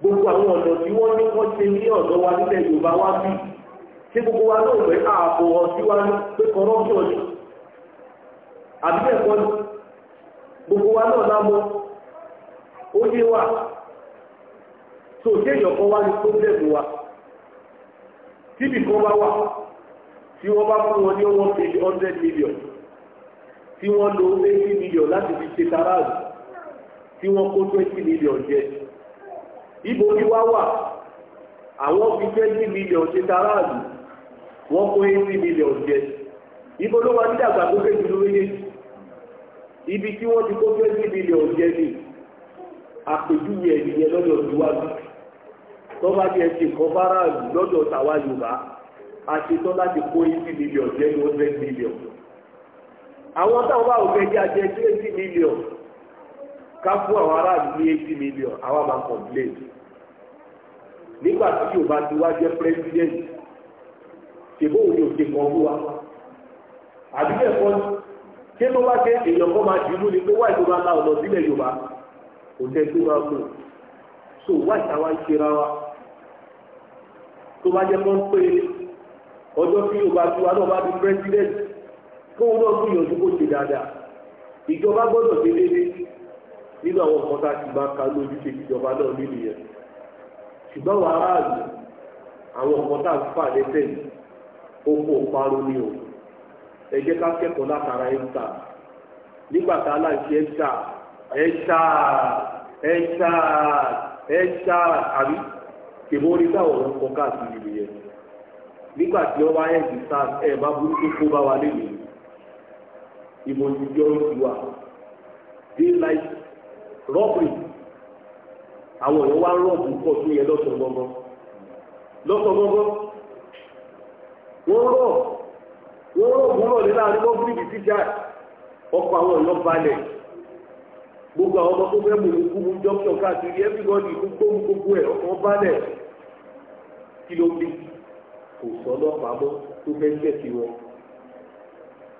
gbogbo àwọn ọ̀dọ́ tí wọ́n ní wọ́n ṣe ní ọ̀dọ́ wa nílẹ̀ yorùbá wá bí ṣé gbogbo wa náà pé ààbò ọtí wa ní pé kọ̀rọ̀pọ̀ ni àbí ẹ̀kọ́ gbogbo wa náà lámọ́ ó yé wa, tó ṣe ìyọ̀kọ́ wá ní pọ́blẹ́mù wa tíbi kan bá wà tí wọ́n bá fún wọn ní ọwọ́ pèlè hundred million tí wọ́n lo eighty million láti fi ṣe taráàlú tí wọ́n kó 20 million jẹ ibo ni wá wà àwọn fi twenty million ṣe taráàlú wọ́n kó eighty million jẹ ibo ló wà nídàgbàsókè jùlọ yé ibi tí wọ́n ti kó 20 million jẹ nìyí. àpèjúwe ẹ̀yìn yẹn lọ́dọ̀ níwájú tọ́ba jẹ́ ṣe kọ́ bára lọ́dọ̀ tàwa yorùbá a láti kó eighty million jẹ́ ní hundred million àwọn táwọn bá òfin million ká fún àwọn aráàlú ní eighty million àwa máa complain nígbà tí yorùbá ti kò tẹ́ tó máa mú so wá ìtawá ń wa tó bá jẹ́ kó ń pé ọjọ́ tí yóò bá tú wa bá di president kóun náà gbìyànjú kó ṣe dáadáa ìjọba gbọ́dọ̀ ṣe déédéé nínú àwọn nǹkan tá a ti máa ka lójúṣe ìjọba náà nínú yẹn ṣùgbọ́n àwọn àwọn tá a fà o ẹ jẹ́ ká kẹ́kọ̀ọ́ látara ẹ̀ ń ta nígbà tá a ẹ̀ṣáà ẹ̀ṣáà ẹ̀ṣáà àbí kèmó ọ̀rọ̀ kọ káàkiri nìyẹn nígbà tí wọ́n bá yẹ̀ sí ẹ̀ bá burú kó bá wa Imo ìmọ̀jújọ́ ìwà daylight robbery àwọn èèyàn wá rọ́ọ̀bù pọ̀ tó yẹ lọ́sọ̀ gbọ́ngàn lọ́sọ̀ gbọ́ngàn wọ́n rọ̀ wọ́n rọ̀ wúrọ̀ nílá gbogbo àwọn ọmọ tó fẹ́ mú mi kú mú dókítà káàkiri everybody ló gbóhùn gbogbo ẹ̀ ọkàn balẹ̀ kí ló dé kò sọ ọlọ́pàá mọ́ tó fẹ́ tẹ̀sí wọn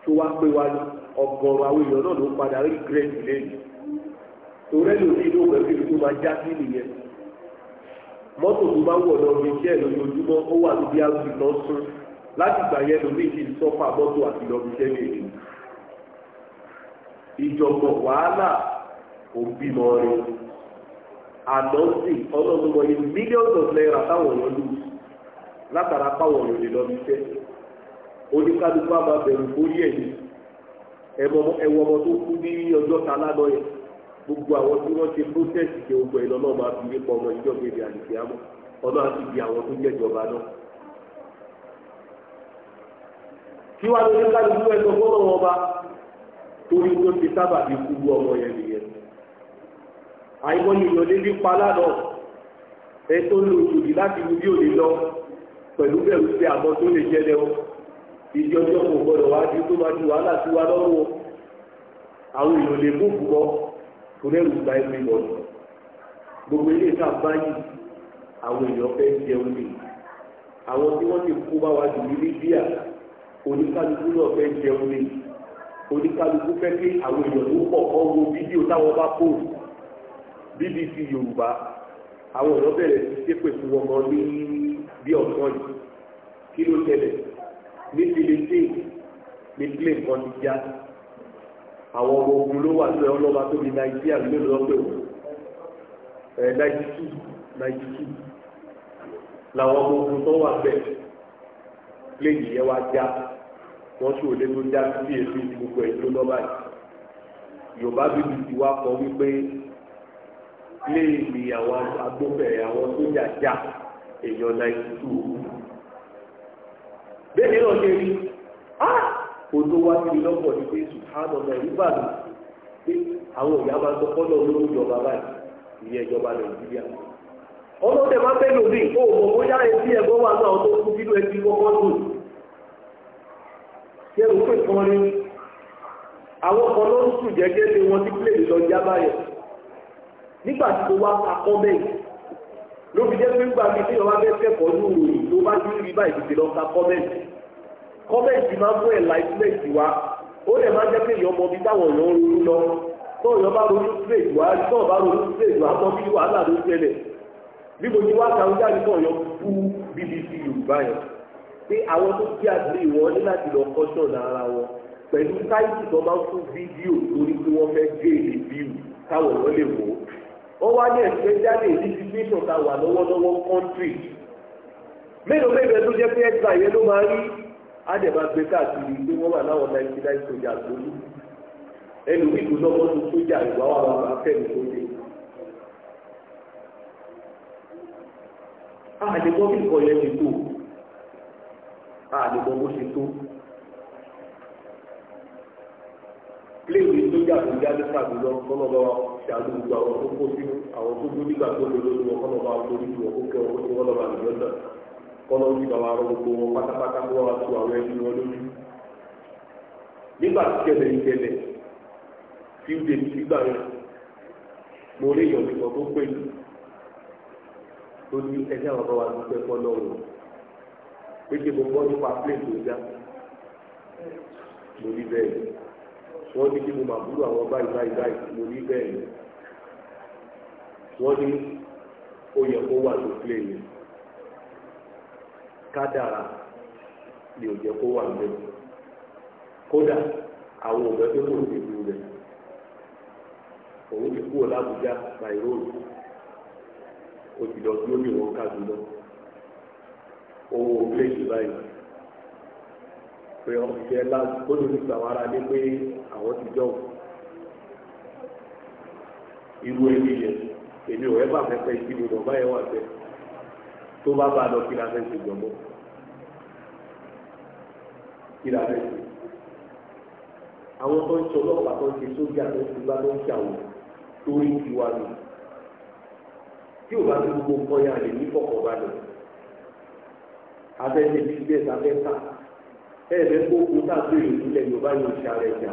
tó wá pé wá ní ọgọ́rùn àwọn èèyàn náà ló padà rí gírẹ́ẹ̀dì lẹ́yìn torí ẹ̀ lòdì ìlú òkè kí ló máa já sí nìyẹn mọ́tò tó bá wọ̀ lọ rí iṣẹ́ lójoojúmọ́ ó wà níbi àgbì náà sún láti gbà yẹn lómi ti sọ́fà mọ́tò àti lọ́bi iṣẹ́ mi ìjọ̀gbọ̀n wàhálà òbí mọ rẹ àdọ́sì ọlọ́dúnmọ yìí millions of naira táwọn èèyàn lù látara páwọn èèyàn lè lọ bí iṣẹ́ oníkálukú àbá bẹ̀rù bóyí ẹ̀yìn ẹ̀wọ̀n ọmọ tó kú ní ọjọ́ ta lánàá yẹn gbogbo àwọn tí wọ́n ti protest ṣe ogun ẹ̀ ọmọ àbílẹ̀ pọ̀ ọmọ ìjọba èdè àdìsí àmọ́ ọlọ́run àti àwọn tó jẹ́ ìjọba àìmọ́ ni ìyọ̀lé ní paládọ̀ ẹ tó lò òjòdì láti ibi òní lọ pẹ̀lú bẹ̀rù pé àbọ̀ tó lè jẹ́ lẹ́wọ́ ìdí ọjọ́ kò gbọ́dọ̀ wá ju tó máa ju wàhálà sí wa lọ́wọ́ àwọn èèyàn lè mú bùbọ́ kò rẹ́rù gba ẹgbẹ́ ìwọ̀n gbogbo ilé ìta báyìí àwọn èèyàn fẹ́ jẹun ni àwọn tí wọ́n ti kó bá wa jù ní Libya oníkálukú náà fẹ́ jẹun ni oníkálukú fẹ́ kí àwọn èèyàn tó pọ̀ kọ́ wo fídíò táwọn bá pòòsì BBC Yorùbá àwọn ọ̀rọ̀ bẹ̀rẹ̀ sí ṣépè fún ọmọ ní bí ọ̀sán yìí kí ló tẹ̀lẹ̀ ní Philippines ní plane kan ti já àwọn ọmọ ogun ló wà lóyún ọlọ́ba tó di Nàìjíríà lónìí lọ́pẹ̀ wò ẹ̀ náìjí tù náìjí tù làwọn ọmọ ogun tó wà bẹ́ẹ̀ plane yẹn wá já wọ́n ṣòwò lé tó já sí èso gbogbo ẹ̀ ló yìí Yorùbá BBC wá kọ wípé léèlì àwọn agbóbẹ̀rẹ̀ àwọn sójà já èèyàn náírà tù ú. bẹ́ẹ̀ náà ṣe rí ah! kò tó wá sí lọ́pọ̀ ní pé sùhánù ọmọ ìrúbà mi pé àwọn ìyá máa sọ fọ́nà olóró ìjọba báyìí ìyẹn ìjọba nàìjíríà. ọlọ́dẹ máa fẹ́ lòdì ẹ̀gbọ́n náà tó kú ẹtí wọ́pọ́ ṣé o pè kán rí lọ nígbà tí mo wá kakọ́ bẹ́ẹ̀ ló fi jẹ́ pé nígbà mi tí ìyọ̀wá bẹ́ẹ̀ kẹ́kọ̀ọ́ ní òòyìn tó bá ti rí báyìí tètè lọ ka kọ́mẹ́ǹtì kọ́mẹ́ǹtì máa ń mú enlightenment wá ó lè máa jẹ́ pé èèyàn mọ bí táwọn èèyàn ń ronú lọ tó èèyàn bá ronú straight wá tó ọ̀bá ronú straight wá mọ bí wàhálà ló ṣẹlẹ̀ bí mo ti wá kàwé jáde tó ọ̀yọ́ bú BBC Yorùbá yẹn pé àwọn tó kí àdúrà wọn ní láti lọ kọ́ṣọ̀nà pẹ̀lú táìsì tó máa ń fún fídíò torí pé wọ́n fẹ́ gé èdè bíu táwọn èèyàn lè wò ó ó wá ní especially ní situation ta wà lọ́wọ́lọ́wọ́ country mélòó mélòó tó jẹ́ pé ló máa rí àdẹ̀bà gbé káàkiri wọ́n wà láwọn ninety sójà lórí lọ́wọ́ sójà ìwà wà wà wà tó dé. yẹn ti tó léèwé tó yàtọ̀ ní alẹ́sà mi lọ kọ́nà bá wa ṣàlù gbogbo àwọn tó kó sínú àwọn tó gbó nígbà tó lọ lórí wọn kọ́nà bá wọn lórí wọn kó kẹ́ wọn tó kọ́nà bá lọ lọ́dọ̀ kọ́nà ń bíbá wa rọ gbogbo wọn pátápátá kó wa tu àwọn ẹni wọn lórí. nígbà tí kẹlẹ ìkẹlẹ tí ó débi nígbà yẹn mo lè yọ ìfọ̀ tó pè mí tó ní ẹjẹ́ àwọn bá wa dúpẹ́ fọ́nà wọn pé kí mo gbọ́ nípa plé tó já mo ní bẹ́ẹ̀ wọ́n ní kí mo máa búrò àwọn báyìí báyìí báyìí mo rí bẹ́ẹ̀ ni wọ́n ní ó yẹ kó wà ní plé ni kádàrà ni ò jẹ́ kó wà ní kódà àwọn òbẹ́ tó kò sí ìlú rẹ̀ òun ti kúrò lábújá bàìróòlù ó dúró ní ìwọ̀n kájúlọ owó plé yìí báyìí pé ọ̀sẹ̀ láti ló ti gbà wára pé àwọn ti jọ wò irú ẹni yẹn èmi ò ẹ́bà fẹ́fẹ́ ìdí mi lọ́ọ́ báyẹn wà bẹ́ẹ̀ tó bá bá lọ kí la fẹ́ ṣe gbọ̀mọ́ kí la fẹ́ ṣe àwọn tó ń ṣe ọlọ́pàá tó ń ṣe sójà tó ń ṣe bá tó ń ṣe àwọn torí tiwa ni tí o bá ní gbogbo nǹkan yà lè ní kọ̀kọ̀balẹ̀ abẹ́lé bíi bẹ́ẹ̀ sáfẹ́ ta ẹ̀ẹ́dẹ́gbòkú tàbí ìlú lẹ́yìn ọba yóò ṣe ara jà.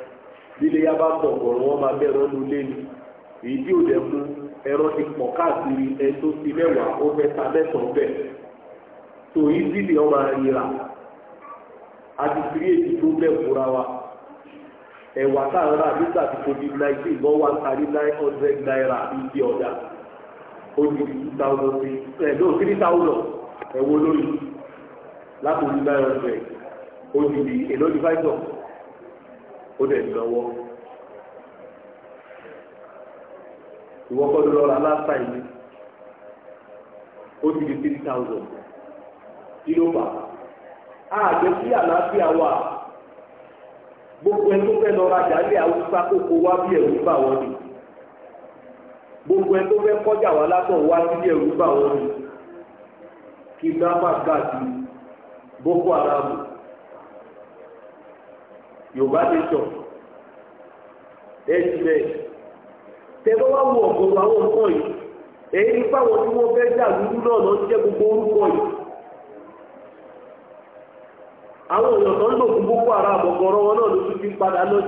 ilé ya bá pọ̀ ọ̀rọ̀ wọn máa bẹ̀rọ lu léni èyí tí ò dẹ̀ mú ẹ̀rọ ti pọ̀ káàkiri ẹ tó ti mẹ́wàá ó fẹ́ ta mẹ́sàn-án bẹ́ẹ̀ tó yí sí ni ọmọ ìra àti kírìèjì tó bẹ̀ fúnra wa ẹ̀wà táwọn àbísà ti covid nineteen bọ́ wá kárí nine hundred naira ibi ọ̀dà ó di two thousand ẹ̀ lóò three thousand lórí ó dẹ̀ náwó ìwọ kọ́ ló lọ́ra lásà ìlú ó ti di three thousand kí ló á sí àlàáfíà wà gbogbo ẹ tó fẹ́ wá bí ẹ̀rú bà gbogbo ẹ tó fẹ́ látọ̀ wá sí yorùbá nation ẹsẹ tẹgbẹ́ wá wo ọ̀gbọ̀n àwọn nǹkan yìí èyí nípa àwọn tí wọ́n fẹ́ dà lúdú náà lọ jẹ́ gbogbo orúkọ yìí àwọn èèyàn lò fún boko haram wọn náà ló tún ti padà lọ náà ló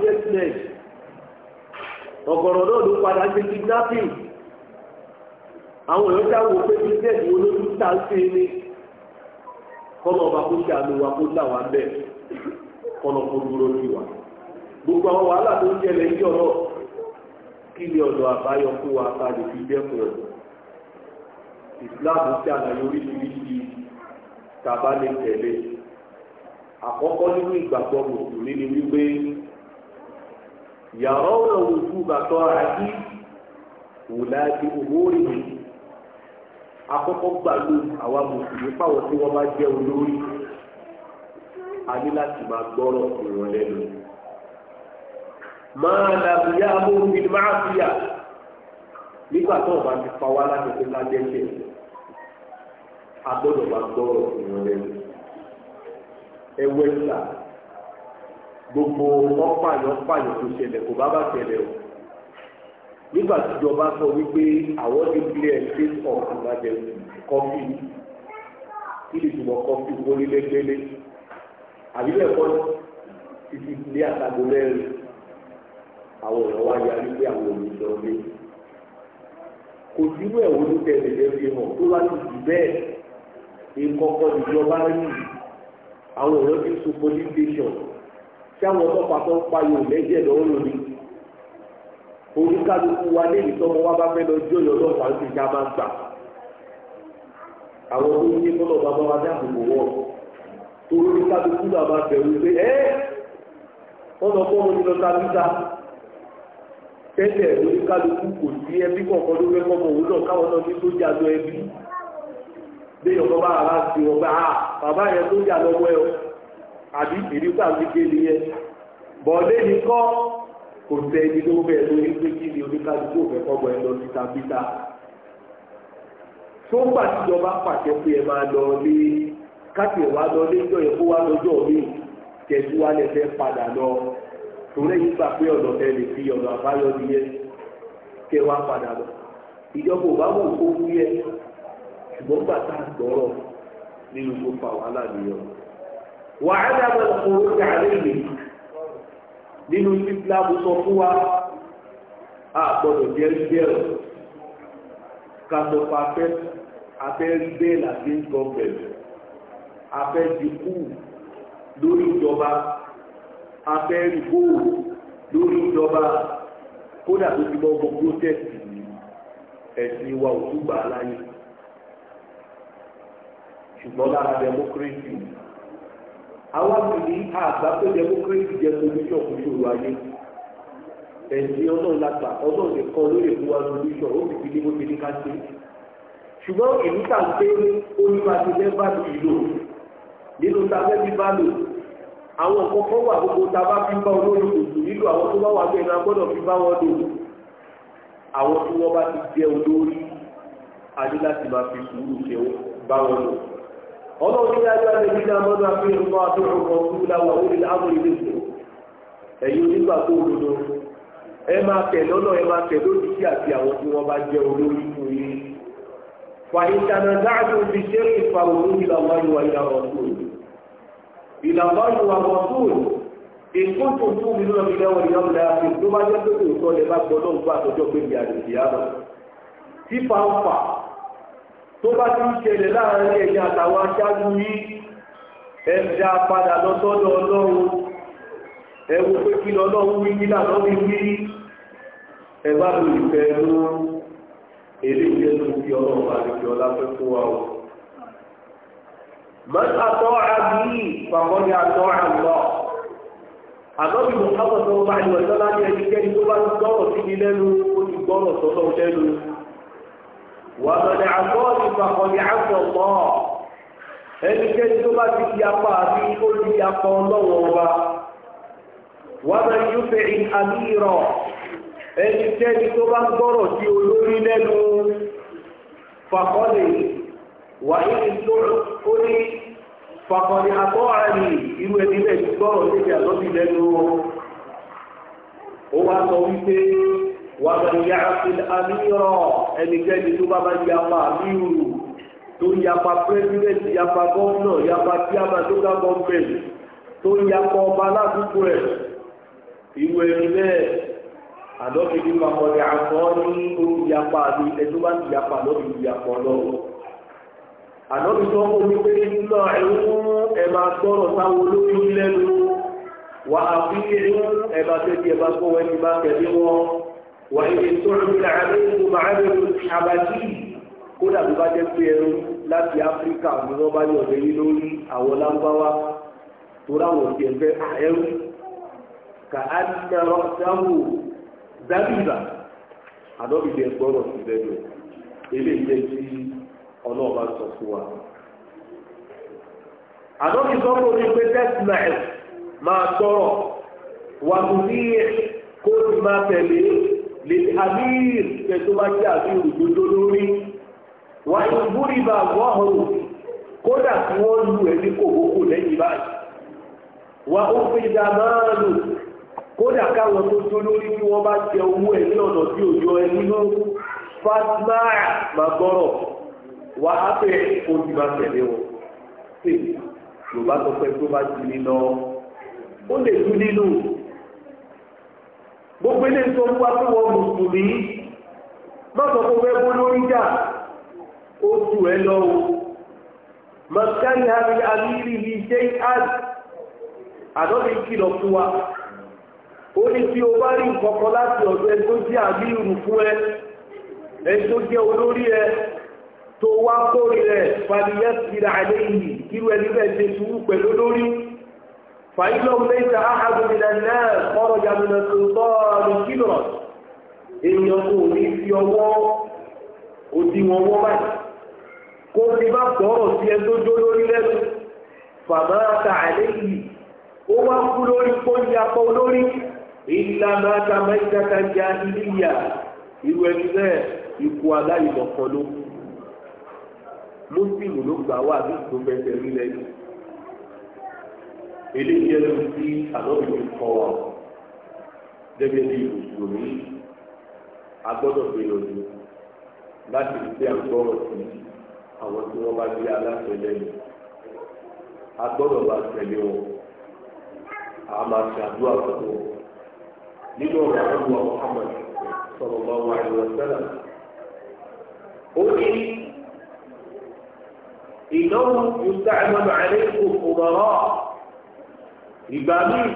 padà àwọn èèyàn já wo pé business kọlọ́kọ́ dúró sí wa gbogbo àwọn wàhálà tó ń jẹlẹ̀ yíyọ̀ náà kí ni ọ̀nà àbáyọ fún wa ta lè fi dẹ́kun ẹ̀ ìsìláàmù tí àlàyé oríṣiríṣi tàbá lè tẹ̀lé àkọ́kọ́ nínú ìgbàgbọ́ mùsùlùmí ni wípé yàrá ọ̀nà ojú bàtọ́ àti wùláàdì òwúrì mi àkọ́kọ́ gbàgbọ́ àwa mùsùlùmí fáwọn tí wọ́n bá jẹ́ olórí a ní láti máa gbọ́rọ̀ ìrọ̀ lẹ́nu. máa làbíyá amóhùnmí máa fìyà nígbà tó ọba ti fa wá láti pé ká dẹ́ṣẹ̀ a gbọ́dọ̀ máa gbọ́rọ̀ ìrọ̀ lẹ́nu. ẹwẹ́ ìlà gbogbo ọ̀pààyàn pààyàn tó ṣẹlẹ̀ kò bá bá ṣẹlẹ̀ o nígbà tí ìjọba sọ wípé àwọn ti clear state of emergency kọfí kí ni ìtumọ̀ kọfí wọlé lẹ́gbẹ́lẹ́ àbílẹ̀ kọ́ títí ilé àtàgbò mẹ́rin àwọn ọ̀rọ̀ wa yarí pé àwọn òmìnira ọ̀lẹ kò sínú ẹ̀wọ̀ ní tẹ̀lé fi hàn tó bá ti jù bẹ́ẹ̀ ìkọ̀kọ̀ ìjọba rí àwọn ọ̀rọ̀ ti sùn police station tí àwọn ọlọ́pàá tó ń pariwo lẹ́jẹ̀ lọ́wọ́ lórí oníkálukú wa lẹ́yìn tọ́mọ wa bá fẹ́ lọ jóyè ọlọ́pàá ti já máa gbà àwọn tó ń yé kọ́lọ̀ bàbá wa dáàbò torí ní kálukú náà máa bẹ̀rù pé ẹ́ wọ́n lọ fọ́ wọn lọ sábíta tẹ́lẹ̀ lórí kálukú kò sí ẹbí kọ̀ọ̀kan ló fẹ́ kọ́mọ òun náà káwọn náà ní tó jà lọ ẹbí léèyàn kan bá ara sí wọn bá a ah, bàbá yẹn tó jà lọ́wọ́ ẹ àbí ìrísà kékeré yẹn bọ̀dé ní kọ́ kò tẹ ẹni tó bẹ̀ lórí pé kí ni oníkálukú òfẹ́ kọ́mọ ẹ lọ sí sábíta tó ń gbà tíjọba pàṣẹ pé ẹ máa lọ ní káàkì wá lọ lẹ́jọ́ yẹn kó wá lọ́jọ́ mi kẹ̀sí wá lẹ́fẹ́ padà lọ tòun yìí gbà pé ọ̀nà ẹ lè fi ọ̀nà àbáyọ nìyẹn kẹ wá padà lọ ìjọba ò bá wù kó wú yẹ ṣùgbọ́n gbà tá a gbọ́rọ̀ nínú tó fa wàhálà nìyẹn wàhálà máa ń kúrò kàlẹ́ ìlè nínú títíláàbù sọ fún wa a gbọ́dọ̀ jẹ́ bẹ́ẹ̀ ká sọ fún afẹ́ afẹ́ bẹ́ẹ̀ làbí gọ́ọ̀mẹ̀tì afẹ́dikú lórí ìjọba afẹ́rìgbò lórí ìjọba kódà tó ti mọ́ gbogbo tẹ̀sí ẹ̀sìn wa ò tún gbà láyé ṣùgbọ́n lára democracy àwọn àgbègbè àgbà pé democracy jẹ́ solution fún ìṣòro ayé ẹ̀sìn ọlọ́run lágbà ọlọ́run nìkan ló lè fún wa solution ó sì fi ní bó ti ní ká ṣe ṣùgbọ́n ìlú tà ń pé ó ní ti fẹ́ bá ti lò nínú tàbẹ́ bí bá lò àwọn nǹkan wà gbogbo tá a bá fi bá olórí òkùnkùn nílò àwọn tó bá wà bẹ́ẹ̀ náà gbọ́dọ̀ fi bá wọn lò àwọn tí wọ́n bá ti jẹ́ olórí a ní láti máa fi sùúrù ṣe bá wọn lò ọlọ́run ní ajá lè ní náà mọ́nà fi ń mọ́ àtúrò kan kú láwà ó lè láwọn ilé ìṣòro ẹ̀yin onígbà tó lòdò ẹ máa tẹ̀ lọ́nà ẹ máa tẹ̀ lójijì àti àwọn tí wọ́n bá jẹ́ olórí fún فإن تنازعتم في شيء فردوه إلى الله وإلى الرسول إلى الله والرسول إن كنتم تؤمنون بالله واليوم الآخر tó bá jẹ́ pé òótọ́ lè bá gbọ́dọ̀ ń gbà tọjọ́ pé ìyá rẹ̀ ìyá rẹ̀ tí fàǹfà tó bá ti ń ṣẹlẹ̀ láàrin ẹ̀yìn àtàwọn aṣáájú yìí ẹ dá padà lọ sọ́dọ̀ ọlọ́run ẹ wo pé kí lọ́lọ́run wí kí lànà wí wí ẹ bá lò ìfẹ́ lọ́rùn. èlé ìjẹ́ tó fi ọlọ́run bá lè fi ọlá fẹ́ fún wa o. man atọ́ pàpọ̀ ní atọ́ àlọ́ àlọ́bí Muhammad bá ní ọjọ́ láti ẹnikẹ́ni tó bá gbọ́rọ̀ sí lẹ́nu ó ti gbọ́rọ̀ lẹ́nu wà pàpọ̀ ní ẹnikẹ́ni tó bá ti fi apá àbí ó ti fi apá wà ẹnikẹ́ni tó bá gbọ́rọ̀ sí olórí lẹ́nu fàkọ́lẹ̀ wà ní tó ó ní fàkọ́lẹ̀ àtọ́ ara ní irú ẹni lẹ́ gbọ́rọ̀ sí ìjà lọ́sí lẹ́nu ó wá sọ wípé wà lọ yá àmìíràn ẹnikẹ́ni tó bá bá yapa àmìírù yapa gọ́ọ̀nà yapa tíyàmà tó dá gọ́ọ̀mẹ̀ntì tó yapa ọba aládùúgbò ẹ̀ irú ẹni àlọ́bí ní màkọ́lẹ̀ àkọ́ ní olùyapa àbí ẹjọ́ bá ti yapa lọ́bí olùyapọ̀ lọ́wọ́ àlọ́bí tó kó wípé nínú ẹ̀wọ̀n ẹ máa gbọ́rọ̀ sáwọn olóyún lẹ́nu wà á fi ẹ̀wọ̀n ẹ tẹ́tí ẹ bá gbọ́ ti bá tẹ̀lé wọn wà èyí tó ń bí àbẹ́wò màálù àbájí kódà bí bá jẹ́ pé ẹrú láti dáríra àdọ́bìdì ẹgbọ́rọ̀ sí lẹ́nu eléyìí jẹ́ tí ọlọ́ọ̀bá sọ fún wa. àdọ́bì sọ fún pé máa tọrọ wà ní kó ti máa tẹ̀lé lè àbíyèsí tẹ̀ bá jẹ́ àbíyèsí òdodo lórí wà wọ́n kódà tí wọ́n lu lẹ́yìn báyìí wà ó kódà káwọn tó tó lórí tí wọ́n bá jẹ owó ẹ̀ ní ọ̀nà tí òjò ẹ nínú fásmáà máa gbọ́rọ̀ wà á fẹ́ kó ti máa tẹ̀lé wọn. ṣé yorùbá sọ pé tó bá ti nínú ó lè dún nínú gbogbo ilé sọ fún wa pé wọn mùsùlùmí má sọ fún wẹ́gbó lórí jà ó tù ẹ lọ o màkàrí àmì àmì ìrìlì ṣe àdọ́bí kìlọ̀ fún wa ó ní tí o bá rí nǹkankan láti ọ̀dọ̀ ẹ tó jẹ́ àbí irun fún ẹ ẹ tó jẹ́ olórí ẹ tó wá kórè rẹ fàdíyẹ síra àlẹ́ yìí irú ẹni bẹ́ẹ̀ ṣe sùúrù pẹ̀lú lórí fàyílọ́ lẹ́ta áhàbìnà náà kọ́rọ̀ jàmìnà tó tọ́ọ̀rù kílọ̀ ìlà máa ta mẹ́ta ká já ilé ìyà irú ẹni bẹ́ẹ̀ ikú aláìmọ̀kan ló kú ló gbà wá bí tó fẹsẹ̀ rí eléyìí jẹ́ tí àlọ́bìnrin kọ́ wa gẹ́gẹ́ bí mùsùlùmí láti fi sí àwọn tí bá gbé aláṣẹ bá wọn fún wọn. nínú ọ̀rọ̀ àdúgbò Muhammad sallallahu alaihi wasallam. ó ní ìnáwó yusa àmàmà àlékún òmàrà ìgbà míì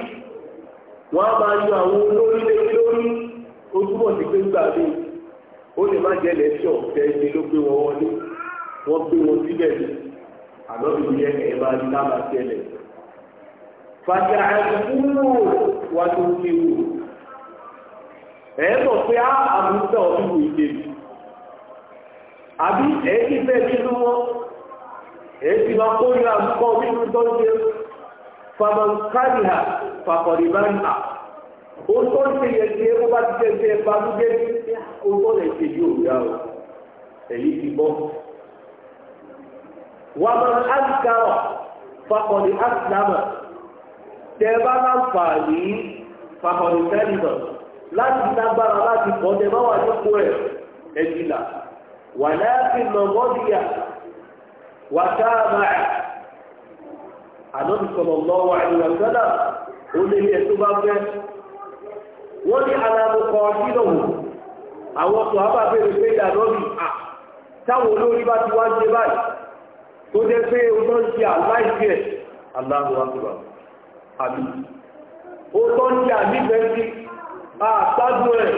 wọ́n á máa yọ àwọn olórí lé lórí ó túbọ̀ sí pé gbà míì ó lè má jẹ́ lẹ́sọ̀ tẹ́lẹ̀ ló ẹ̀ẹ́bọ̀ pé á àmúta ọdún ìgbè mi àbí ẹ̀ẹ́kì fẹ́ nínú wọn èsì máa kó ní àkọ́ nínú dọ́jẹ́ famankáríhà fàkọ̀rìbáńà ó tọ́ ń ṣe yẹn tí ó bá ti jẹ́ ṣe banújẹ́ ní ó tọ́ lè ṣe yóò dá o tẹ́ bá láǹfààní fàkọ̀rì láti lágbára láti kọ́ tẹ bá wà nípò ẹ̀ ẹ̀jìlá wà láti mọ̀mọ́dìyà wà káàmà ànọ́bìsọ̀rọ̀ lọ́wọ́ àìwàsọ́là ó lé ní ẹ̀tọ́ bá fẹ́ wọ́n ní alámọ̀kọ́ sílòwò àwọn tó ábà bèèrè pé ìdánọ́bì à táwọn olórí bá ti wá ń ṣe báyìí tó jẹ́ pé ó tán ṣe àláìsí ẹ̀ aláhùn àtúbà àbí ó tán ṣe àbí bẹ́ẹ̀ àtàgbò ẹ̀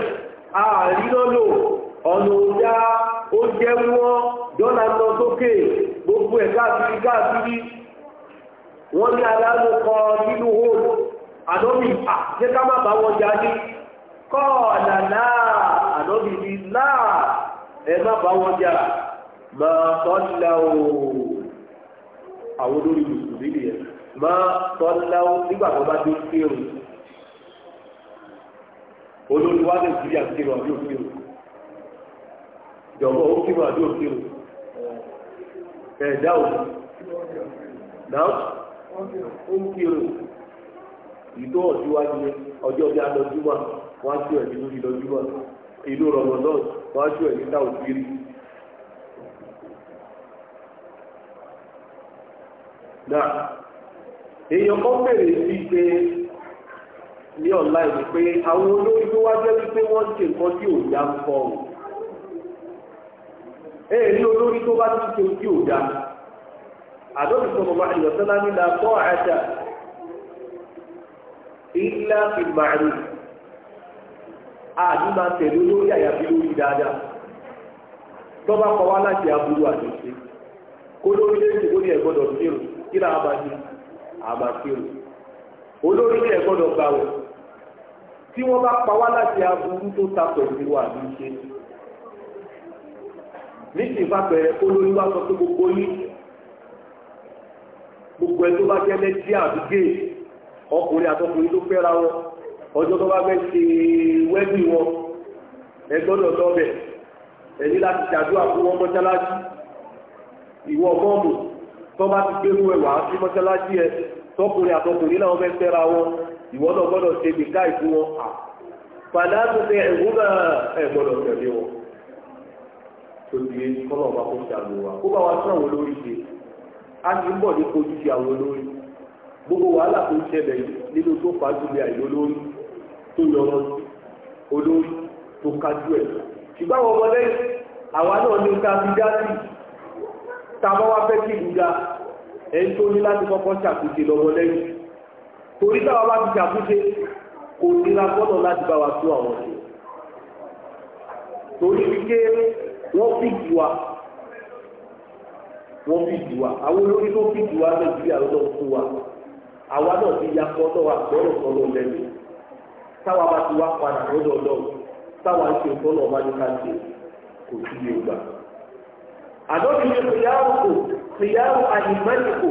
àrínọ́lò ọ̀nà òjá ó jẹ́ wọ́n dọ́là lọ sókè gbogbo ẹ̀ káàkiri káàkiri wọ́n ní alálòkọ nínú hol ànọ́bì àjẹ́ ká má bá wọn jáde kọ́ ọ̀nà náà ànọ́bì ní náà ẹ má bá wọn jà máa tọ́lá o àwọn olórí mùsùlùmí nìyẹn máa tọ́lá o nígbà bá dé kírun olórí wa nàìjíríà kírun àbí òkírun ìjọba ó kírun àbí òkírun ẹ̀dá òkú náà ó ń kírun ìtò ọ̀síwájú ọjọ́ bí alọ́júmọ́ wọ́n á sí ẹ̀ nínú ìlọ́júmọ́ ìlú rọmọdọ́n wọ́n á sí ẹ̀ níta òkiri. náà èèyàn kan bèrè sí pé ní ọ̀la ìlú pé àwọn olórí tó wá jẹ́ wípé wọ́n ṣe nǹkan tí ò dá ń ọ̀hún. Ee ní olórí tó bá ti ṣe tí ò dá. Àdóbi sọ mọ̀mọ́ ìyọ̀sọ́lá ní tọ́ àṣà ilá ìmàlú. Àdí máa tẹ̀lé olórí àyàfi lórí dáadáa. Tọ́ba kọ wá láti aburú àdìsí. Kó lórí tí wọ́n bá pa wá láti aburú tó ta pẹ̀lú wa ní ṣe ní ti bá bẹ̀rẹ̀ olórí wa sọ pé gbogbo yín gbogbo ẹ tó bá jẹ́ lẹ́tí àdúgbò ọkùnrin àtọkùnrin tó fẹ́ra wọn ọjọ́ tó bá fẹ́ ṣe wẹ́bì wọn ẹ gbọ́dọ̀ lọ́bẹ̀ ẹ̀yí láti ṣàdúrà fún wọn mọ́ṣáláṣí ìwọ mọ́ọ̀mù tó bá ti gbérú ẹwà sí mọ́ṣáláṣí ẹ tọkùnrin àtọkùnrin náà fẹ́ fẹ́ra wọn ìwọ náà gbọ́dọ̀ ṣe ní káì fún wọn à fàdáàtò ṣe ẹ̀wọ́n náà ẹ̀ gbọ́dọ̀ tẹ̀lé wọn tó di kọ́nà ọba kó ṣe àlò wa kó bá wa tún àwọn olórí ṣe a ti ń bọ̀ ní kojú ṣe àwọn olórí gbogbo wàhálà tó ń ṣẹlẹ̀ nínú tó fà á jù ní àìló olórí tó yọrọ olórí tó kájú ẹ̀ ṣùgbọ́n àwọn ọmọ lẹ́yìn àwa náà ní ká fi dá sí tàbá wa fẹ́ kí ìlú ga ẹni tó ní láti kọ́kọ́ ṣàkóso lọ́wọ́ lẹ́yìn torí táwa bá ti ṣàtúnṣe kò nira gbọ́dọ̀ láti bá wa tú àwọn ṣe torí wípé wọ́n fi jù wa wọ́n fi jù wa àwọn olórí tó fi jù wa nàìjíríà lọ́dọ̀ fún wa àwa náà ti ya kọ́tọ̀ wa gbọ́dọ̀ sọ́dọ̀ lẹ́nu táwa bá ti wá padà lọ́dọ̀ lọ́wọ́ táwa ń ṣe tọ́lọ̀ ọba ní ká ṣe kò sí lè gbà. àdókìlẹ̀ fìyàwó kò fìyàwó àyìnbẹ́lẹ̀ kò.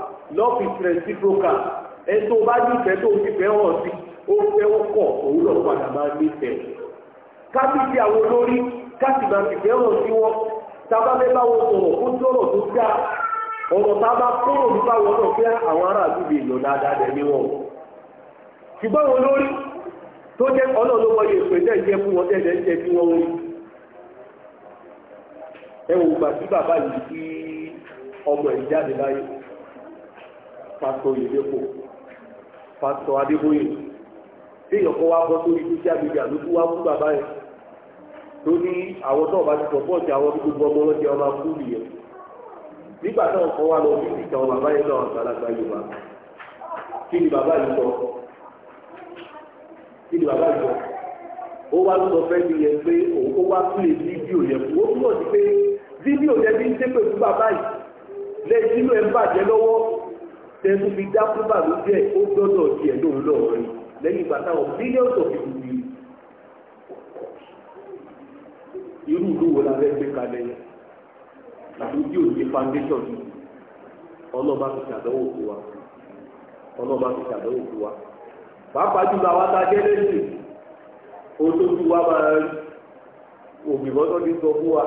love is reciprocal ẹni tó bá ní ìfẹ́ tó ń fìfẹ́ hàn sí ó fẹ́ ó lọ padà máa nífẹ̀ẹ́ kábíyèsí àwọn olórí sí wọn bá wọn sọ̀rọ̀ kó tó ọ̀rọ̀ tábà kúrò nípa wọn náà fẹ́ àwọn ará àdúgbò ìlò dáadáa dẹ̀ ní wọn ṣùgbọ́n tó jẹ́ yẹ pé jẹ́ fún wọn pásítọ̀ ìdẹ́kò pásítọ̀ adébóyè téèyàn kọ́ wá bọ́ sórí social media ló tún wá fún bàbá yẹn tó ní àwọn náà bá ti sọ bọ́ọ̀sì àwọn gbogbo ọmọ ọlọ́dẹ ọmọ akú nìyẹn nígbà náà kọ́ wá lọ bíbí ìtàn bàbá yẹn náà àgbàlagbà yorùbá kí ni bàbá yìí sọ kí ni bàbá yìí sọ ó wá sọ fẹ́ mi yẹn pé òun kó wá pè fídíò yẹn fún ó túmọ̀ sí pé fídíò yẹn ti ń ṣépè fún bàbá yìí lẹ́yìn nínú ẹ̀ ń bàjẹ́ lọ́wọ́ tẹnu fi dá kúbà ló jẹ́ ó gbọ́dọ̀ di ẹ̀ lóun lọ́ọ̀rọ̀ yìí lẹ́yìn ìgbà táwọn bílíọ̀nù tó fi kú yìí irú ìlú wo la fẹ́ gbé kalẹ̀ yẹn ìlú tí ò ní foundation yìí ọlọ́ba ti ṣàdánwò fún wa ọlọ́ba ti ṣàdánwò fún wa pàápàá jùlọ àwa ta jẹ́ lẹ́sìn ohun tó ju wa máa rí òbíwọ́n tó ti sọ fún wa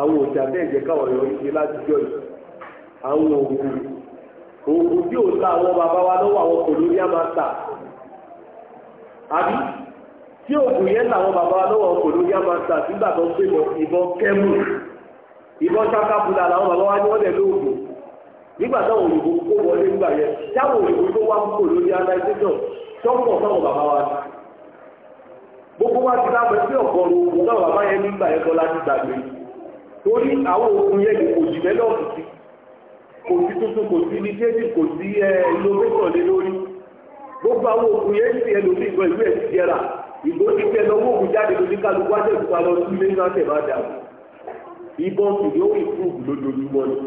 àwọn òjà bẹ́ẹ̀ jẹ́ káwọn yọ ìṣe láti jọ yìí àwọn òògùn òògùn tí ò ta àwọn bàbá wa lọ́wọ́ àwọn colonial master àbí tí òògùn yẹn làwọn bàbá wa lọ́wọ́ àwọn colonial master nígbà tó ń pè lọ ìbọn kẹ́mù ìbọn ṣákàbùlà làwọn bàbá wa ní wọ́n lẹ̀ kó wọlé nígbà wa gbogbo wa ti dábẹ́ sí bàbá yẹn nígbà yẹn gbàgbé torí àwọn yẹn kò kò sí tuntun kò sí initiative kò sí eh, innovation lé lórí gbogbo àwọn òkú yẹn ti ẹlòmíì gan ìlú ẹ̀sìn jẹrà ìbò ti tẹ lọ́wọ́ òkú jáde lórí kálukú wájú ìfúnpa lọ sí ilé náà tẹ̀lé àdá ìbọn kìdí ó ìfúrúkú lójoojúmọ́ ni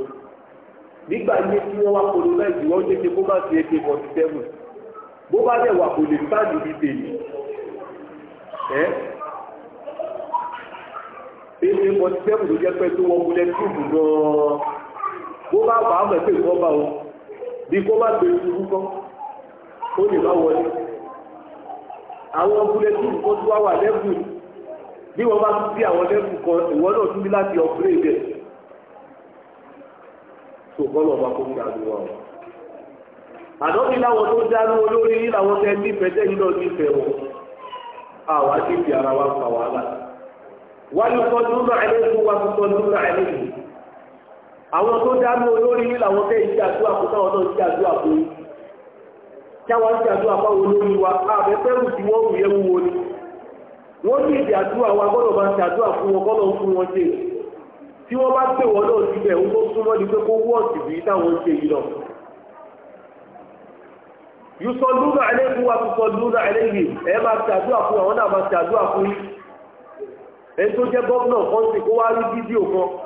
nígbà yẹn tí wọ́n wá colonize wọ́n ṣe ṣe kó má ti ẹ̀kẹ́ forty seven bó bá dẹ̀ wà kò lè sáàdì bíi tèmi ẹ́ ẹ̀kẹ́ forty seven ló jẹ́ pẹ́ tó wọ́n múlẹ̀ túùbù bó bá bá mọ̀ pé kọ́ bá o bí kó má gbé irú kọ́ ó lè má wọlé àwọn búlẹ́tìnì kan tó wá wà lẹ́bù bí wọ́n bá tún bí àwọn lẹ́bù kan ìwọ náà tún bí láti ọ̀pẹ́rẹ́ tó bá kó àdúrà láwọn tó dáná olórí láwọn náà àwọn tó dánú olórí yìí làwọn tẹ́ ìjà tó àpò táwọn náà ìjà tó àpò yìí táwọn ìjà tó àpò àwọn olórí wa àbẹ fẹ́rù tí wọ́n wù yẹn wúwo ni wọ́n ní ìjà tó àwọn agbọ́dọ̀ máa ṣàdúrà fún wọn kọ́lọ̀ ń fún wọn ṣe tí wọ́n bá pè wọ́n náà síbẹ̀ ń tó súnmọ́ ni pé kó wọ́ọ̀sì bí táwọn ṣe yìí lọ. yusọlúnà ẹlẹ́gùn wa sọlúnà ẹlẹ́gùn ẹ máa ṣàdúrà fún àwọn náà máa ṣàdúrà fún yìí ẹ tó jẹ́ gọ́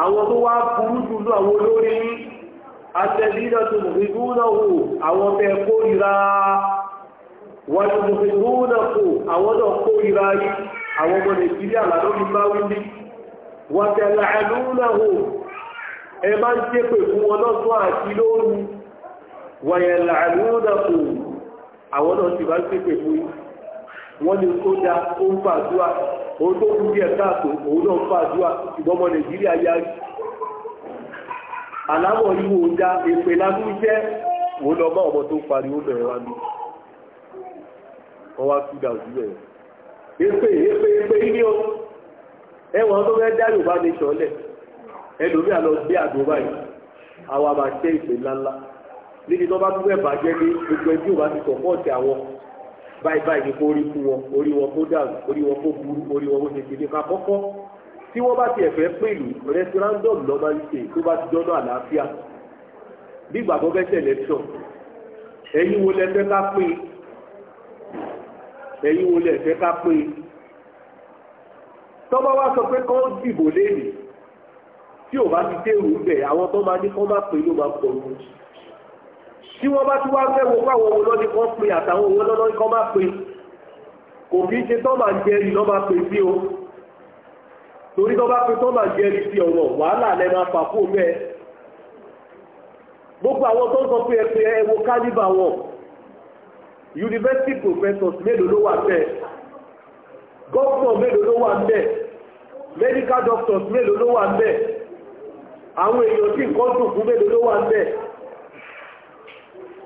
àwọn tó wá burú jùlọ àwọn olórí atẹ́bílá tó mùsùlùmù àwọn tẹ́ kó ìra wọ́n tó mùsùlùmù kò àwọn náà kó ìra yìí àwọn ọmọ nàìjíríà lálórí bá wílí wọ́n tẹ́ làánúnàwò ẹ máa ń jẹ́ pé fún wọn wọ́n òun tó kú díẹ̀ káàtó òun náà fàájúwà ṣùgbọ́n ọmọ nàìjíríà yáyí aláwọ̀ ìwò ọjà èpè lábú jẹ́ òun lọ bá ọmọ tó parí ó bẹ̀rẹ̀ wá ní ọwá túdà òjúlẹ̀ èpè èpè èpè ní o ẹwọ̀n tó fẹ́ dá yorùbá ní sọ́lẹ̀ ẹlòmí àlọ gbé àdó báyìí àwa máa ìpè ńláńlá níbi tó bá tún fẹ́ bàjẹ́ ní gbogbo ẹbí bá ti sọ̀pọ̀ọ̀tì àwọn báyìí báyìí ni kó rí fún wọn orí wọn kó dàrú orí wọn kó burú orí wọn kó ṣe ṣe nípa kọ́kọ́ tí wọ́n bá tiẹ̀ fẹ́ pẹ̀lú rẹ́sírándọ̀m lọ́ máa ń ṣe tó bá ti dọ́nà àlàáfíà nígbà tó fẹ́ tẹ̀lé tọ̀ ẹ̀yin wo lẹ fẹ́ ká pé ẹ̀yin wo lẹ fẹ́ ká pé tọ́ba wá sọ pé kọ́ dìbò léèrè tí ò bá ti dé òun bẹ̀ àwọn tó máa ní kọ́ máa pè ló máa pọ̀ lójú tí wọ́n bá ti wá fẹ́ wo fáwọn owó lọ́dí kan pé àtàwọn owó lọ́dọ́ kan máa pé kò fi ṣe tọ́ máa jẹ ẹ̀rì lọ́ máa pè sí o torí tọ́ bá pè tọ́ máa jẹ ẹ̀rì sí ọ̀rọ̀ wàhálà lẹ máa fà fún bẹ́ẹ̀ gbogbo àwọn tó ń sọ pé ẹ̀pẹ̀ ẹ̀wọ̀ kálíbà wọn university professors mélòó ló wà bẹ́ẹ̀ gọ́ọ̀nà mélòó ló wà bẹ́ẹ̀ medical doctors mélòó ló wà bẹ́ẹ̀ àwọn èèyàn tí nǹkan dùn fún mélòó ló wà bẹ́ẹ̀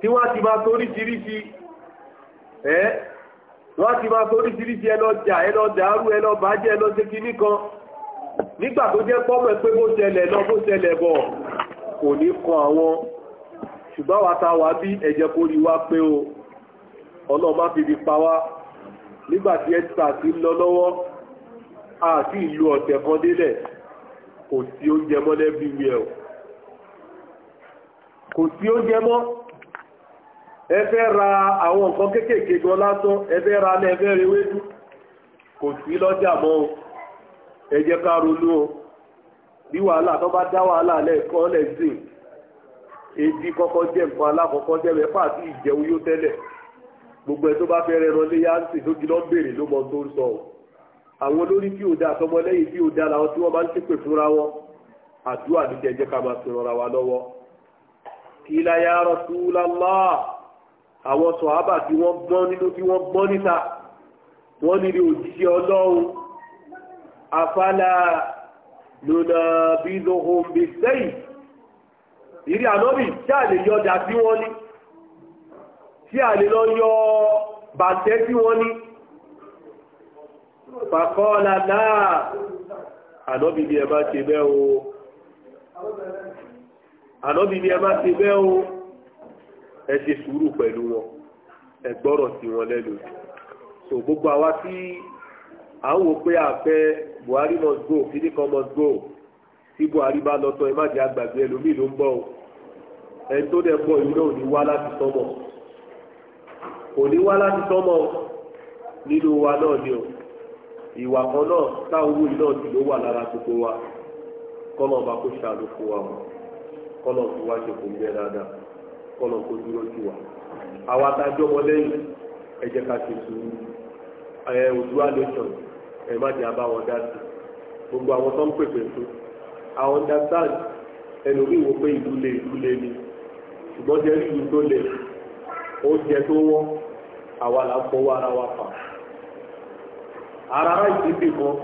tí wọ́n ti máa torí síríṣi ẹ́ wọ́n ti máa torí síríṣi ẹlọ́jà ẹlọ́dàárú ẹlọ́bàájẹ́ ẹlọ́sẹ́kí nìkan nígbà tó jẹ́ pọ́mọ̀ pé bó ṣẹlẹ̀ lọ bó ṣẹlẹ̀ bọ̀ kò ní kan àwọn ṣùgbọ́n wa ta wà bí ẹ̀jẹ̀ kó rí wá pé o ọlọ́ọ̀bá fi fi pa wá nígbà tí ẹ́tà ti ń lọ lọ́wọ́ àti ìlú ọ̀tẹ̀ kan délẹ̀ kò sí oúnjẹ mọ́ lẹ́bí wíẹ̀ o kò sí oúnjẹ mọ́ ẹfẹ́ ra àwọn nǹkan kéékèèké gan lásán ẹfẹ́ ra ní ẹfẹ́ rewédú kò sí lọ́jà mọ́ o ẹ ká ronú o bí wàhálà tó bá dá wàhálà lẹ́ẹ̀kọ́ lẹ́sìn èdè kọ́kọ́ jẹ́ nǹkan alákọ̀ọ́kọ́ jẹ́ ìjẹun yóò gbogbo ẹ̀ tó bá lé lójú lọ́ bèrè ló mọ tó ń sọ o àwọn olórí tí ò da àtọmọlẹ́yìn tí ò da làwọn tí wọ́n máa ń ṣépè fúnra wọn àdúrà àwọn sọ̀hábà tí wọ́n gbọ́n nínú tí wọ́n gbọ́n níta wọ́n nílé òjíṣẹ́ ọlọ́run afálà lọ́nà bí lóhun bí sẹ́yìn ìrí ànọ́bì tí a lè yọ dà sí wọ́n ní tí a lè lọ yọ bàtẹ́ sí wọ́n ní fàkọ́ọ̀lá náà ànọ́bì ni ẹ má ṣe bẹ́ o ẹ ṣe sùúrù pẹ̀lú wọn ẹ gbọ́rọ̀ sí wọn lẹ́nu so gbogbo àwa tí à ń wò pé àfẹ́ Buhari must go kíní kan must go tí Buhari bá lọ tán ẹ má jẹ́ àgbàgbé ẹlòmíì ló ń bọ̀ o ẹni tó dẹ̀ bọ̀ ìlú náà ò ní wá láti sọ́mọ̀ kò ní wá láti sọ́mọ̀ nínú wa náà ni o ìwà kan náà táwọn owó yìí náà sì ló wà lára gbogbo wa kọ́nà ọba kó ṣàánú wa kọ́nà fún wa ṣe kò ń bẹ dáadáa kọ́lọ̀ kó dúró sí wa àwọn adájọ́ wọn lẹ́yìn ẹ jẹ́ ká ṣe sùúrù ẹ òdúrà nation ẹ má jẹ́ abá wọn dá sí gbogbo àwọn tó ń pèpè fún àwọn understand ẹlòmíì wò pé ìlú le ìlú le ni ṣùgbọ́n jẹ́ ìlú tó le oúnjẹ tó wọ́n àwa là ń fọwọ́ ara wa fà ara ìdíbì kan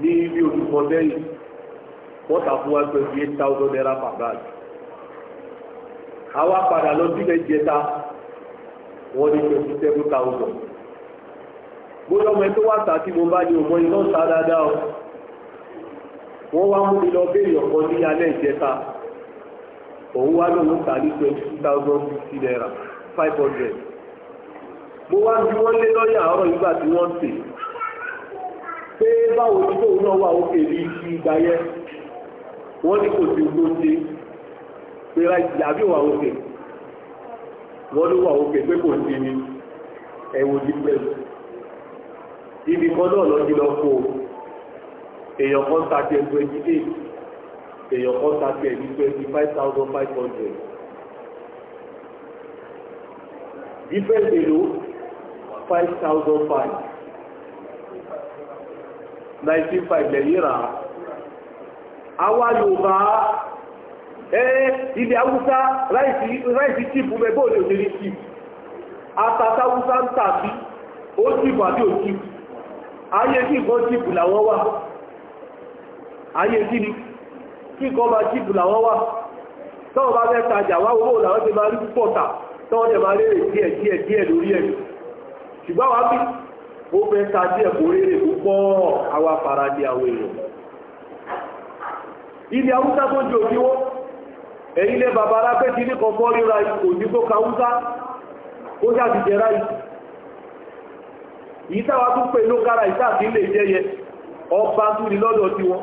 ní ibi olùkọ́ lẹ́yìn wọ́n tà fún wa twenty eight thousand naira per bag àwa padà lọ sílẹ̀ jẹta wọ́n ní twenty seven thousand gbọ́dọ̀ ọmọ ẹ tó wà tà tí mo bá ní ọmọ iná ta dáadáa o wọ́n wá mú mi lọ béèrè ọ̀kan ní alẹ́ ìjẹta òun wá lóun tà ní twenty two thousand fifty naira five hundred mo wá bí wọ́n lé lọ́yà ọ̀rọ̀ nígbà tí wọ́n tè pé báwo ni tóun náà wà ó kéde ìgbà yẹn wọ́n ní kò sí ogún ṣe pé àbí wà òkè wọ́n ló wà òkè pé kò sí ni ẹ̀wò ti pẹ́ ibi kan náà lọ́jí lọ kó èèyàn kan ta tiẹ̀ twenty eight èèyàn kan ta tiẹ̀ twenty five thousand five hundred different èlò five thousand five nineteen five lẹ́yìn rà á àwa Yorùbá. ee ilẹ̀ haúsá ráìsì kíìpù mẹ́gbẹ́ òde òṣèré kíìpù àtàtà haúsá ń tàbí ó kíìpù àbí ò kíìpù ayé kíìpù ó kíìpù làwọn wà ayé kí ni kíìpù ọba kíìpù làwọn wà tọ́wọ́ bá fẹ́ tajà wá owó làwọn ti máa rí púpọ̀ tà tọ́wọ́ tẹ máa rí díẹ̀ díẹ̀ díẹ̀ lórí ẹ̀ ṣùgbọ́n wá bí ó fẹ́ rí púpọ̀ àwa fara di àwọn èèyàn ilẹ̀ tó wọn ẹ̀yìn lẹ́ bàbá alápẹ́ ti ní kan fọ́ ríra òní tó ka ó ṣàti jẹ ráì yìí táwa tún pè ló kára lè jẹyẹ ọba tún ní lọ́dọ̀ tí wọn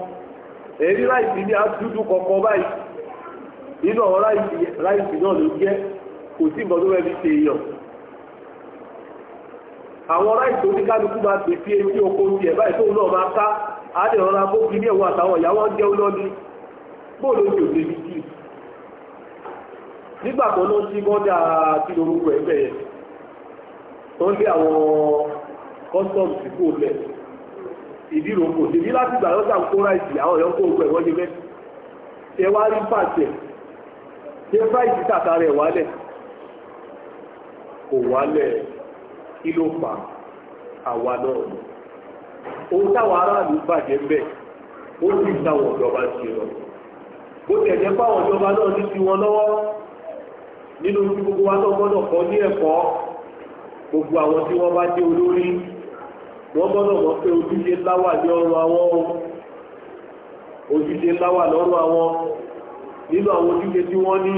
ẹ̀rí ráìsì ní àdúdú kọ̀ọ̀kan báyìí nínú àwọn ráìsì náà ló jẹ́ kò sí tó fi ṣe èèyàn àwọn máa sí etí oko náà máa ká á rọra nígbà tó ló sí bọ́dà tí lórúkọ ẹ̀ bẹ̀yẹ tó ń lé àwọn customs kò lẹ̀ ìdí rògbò tèmi láti gbà lọ́sà ń kó ráìsì àwọn èèyàn kó gbẹ̀ wọ́n ṣe fẹ́ ṣe wá rí pàṣẹ ṣe fáìsì tàkà rẹ̀ wálẹ̀ kò wálẹ̀ kí ló fà àwa náà ohun táwọn aráàlú bàjẹ́ bẹ́ẹ̀ ó sì táwọn ìjọba ṣe lọ bó tẹ̀lé fáwọn ìjọba náà ní tiwọn lọ́wọ́ nínú tí gbogbo wa tó gbọ́dọ̀ kọ́ ní ẹ̀kọ́ gbogbo àwọn tí wọ́n bá dé olórí wọ́n gbọ́dọ̀ mọ̀ pé ojúṣe ńlá wà ní ọrùn àwọn ojúṣe ńlá wà lọ́rùn àwọn nínú àwọn ojúṣe tí wọ́n ní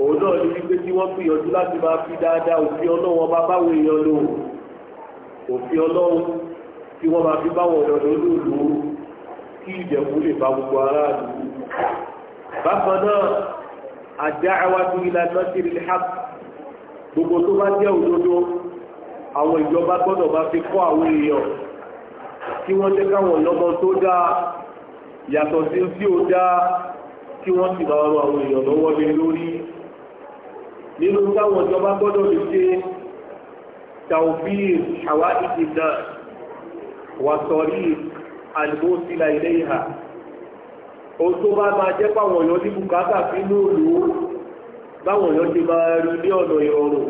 òun náà ní wípé tí wọ́n gbìyànjú láti máa fi dáadáa òfin ọlọ́run ọba báwo èèyàn lò òfin ọlọ́run tí wọ́n máa fi báwọn ọ̀dọ́ lòlù kí ìjẹ̀kú lè bá gbogbo aráàlú bákan náà àdáhàwájú ilà nọ́sìrì hap gbogbo tó bá jẹ́ òdodo àwọn ìjọba gbọ́dọ̀ bá fi kọ́ àwọn èèyàn kí wọ́n jẹ́ káwọn lọ́mọ tó dáa yàtọ̀ sí tí ó dáa kí wọ́n sì máa rọ àwọn èèyàn lọ́wọ́ lé lórí nínú táwọn ìjọba gbọ́dọ̀ lè ṣe tàwíìr àwa ìdìdà wàsọ̀rí àlùmọ́sílà ilé ìhà o tó bá máa jẹ́ páwọn èèyàn ní bùkátà sí inú òlú báwọn èèyàn ti máa rí ní ọ̀nà ìrọ̀rùn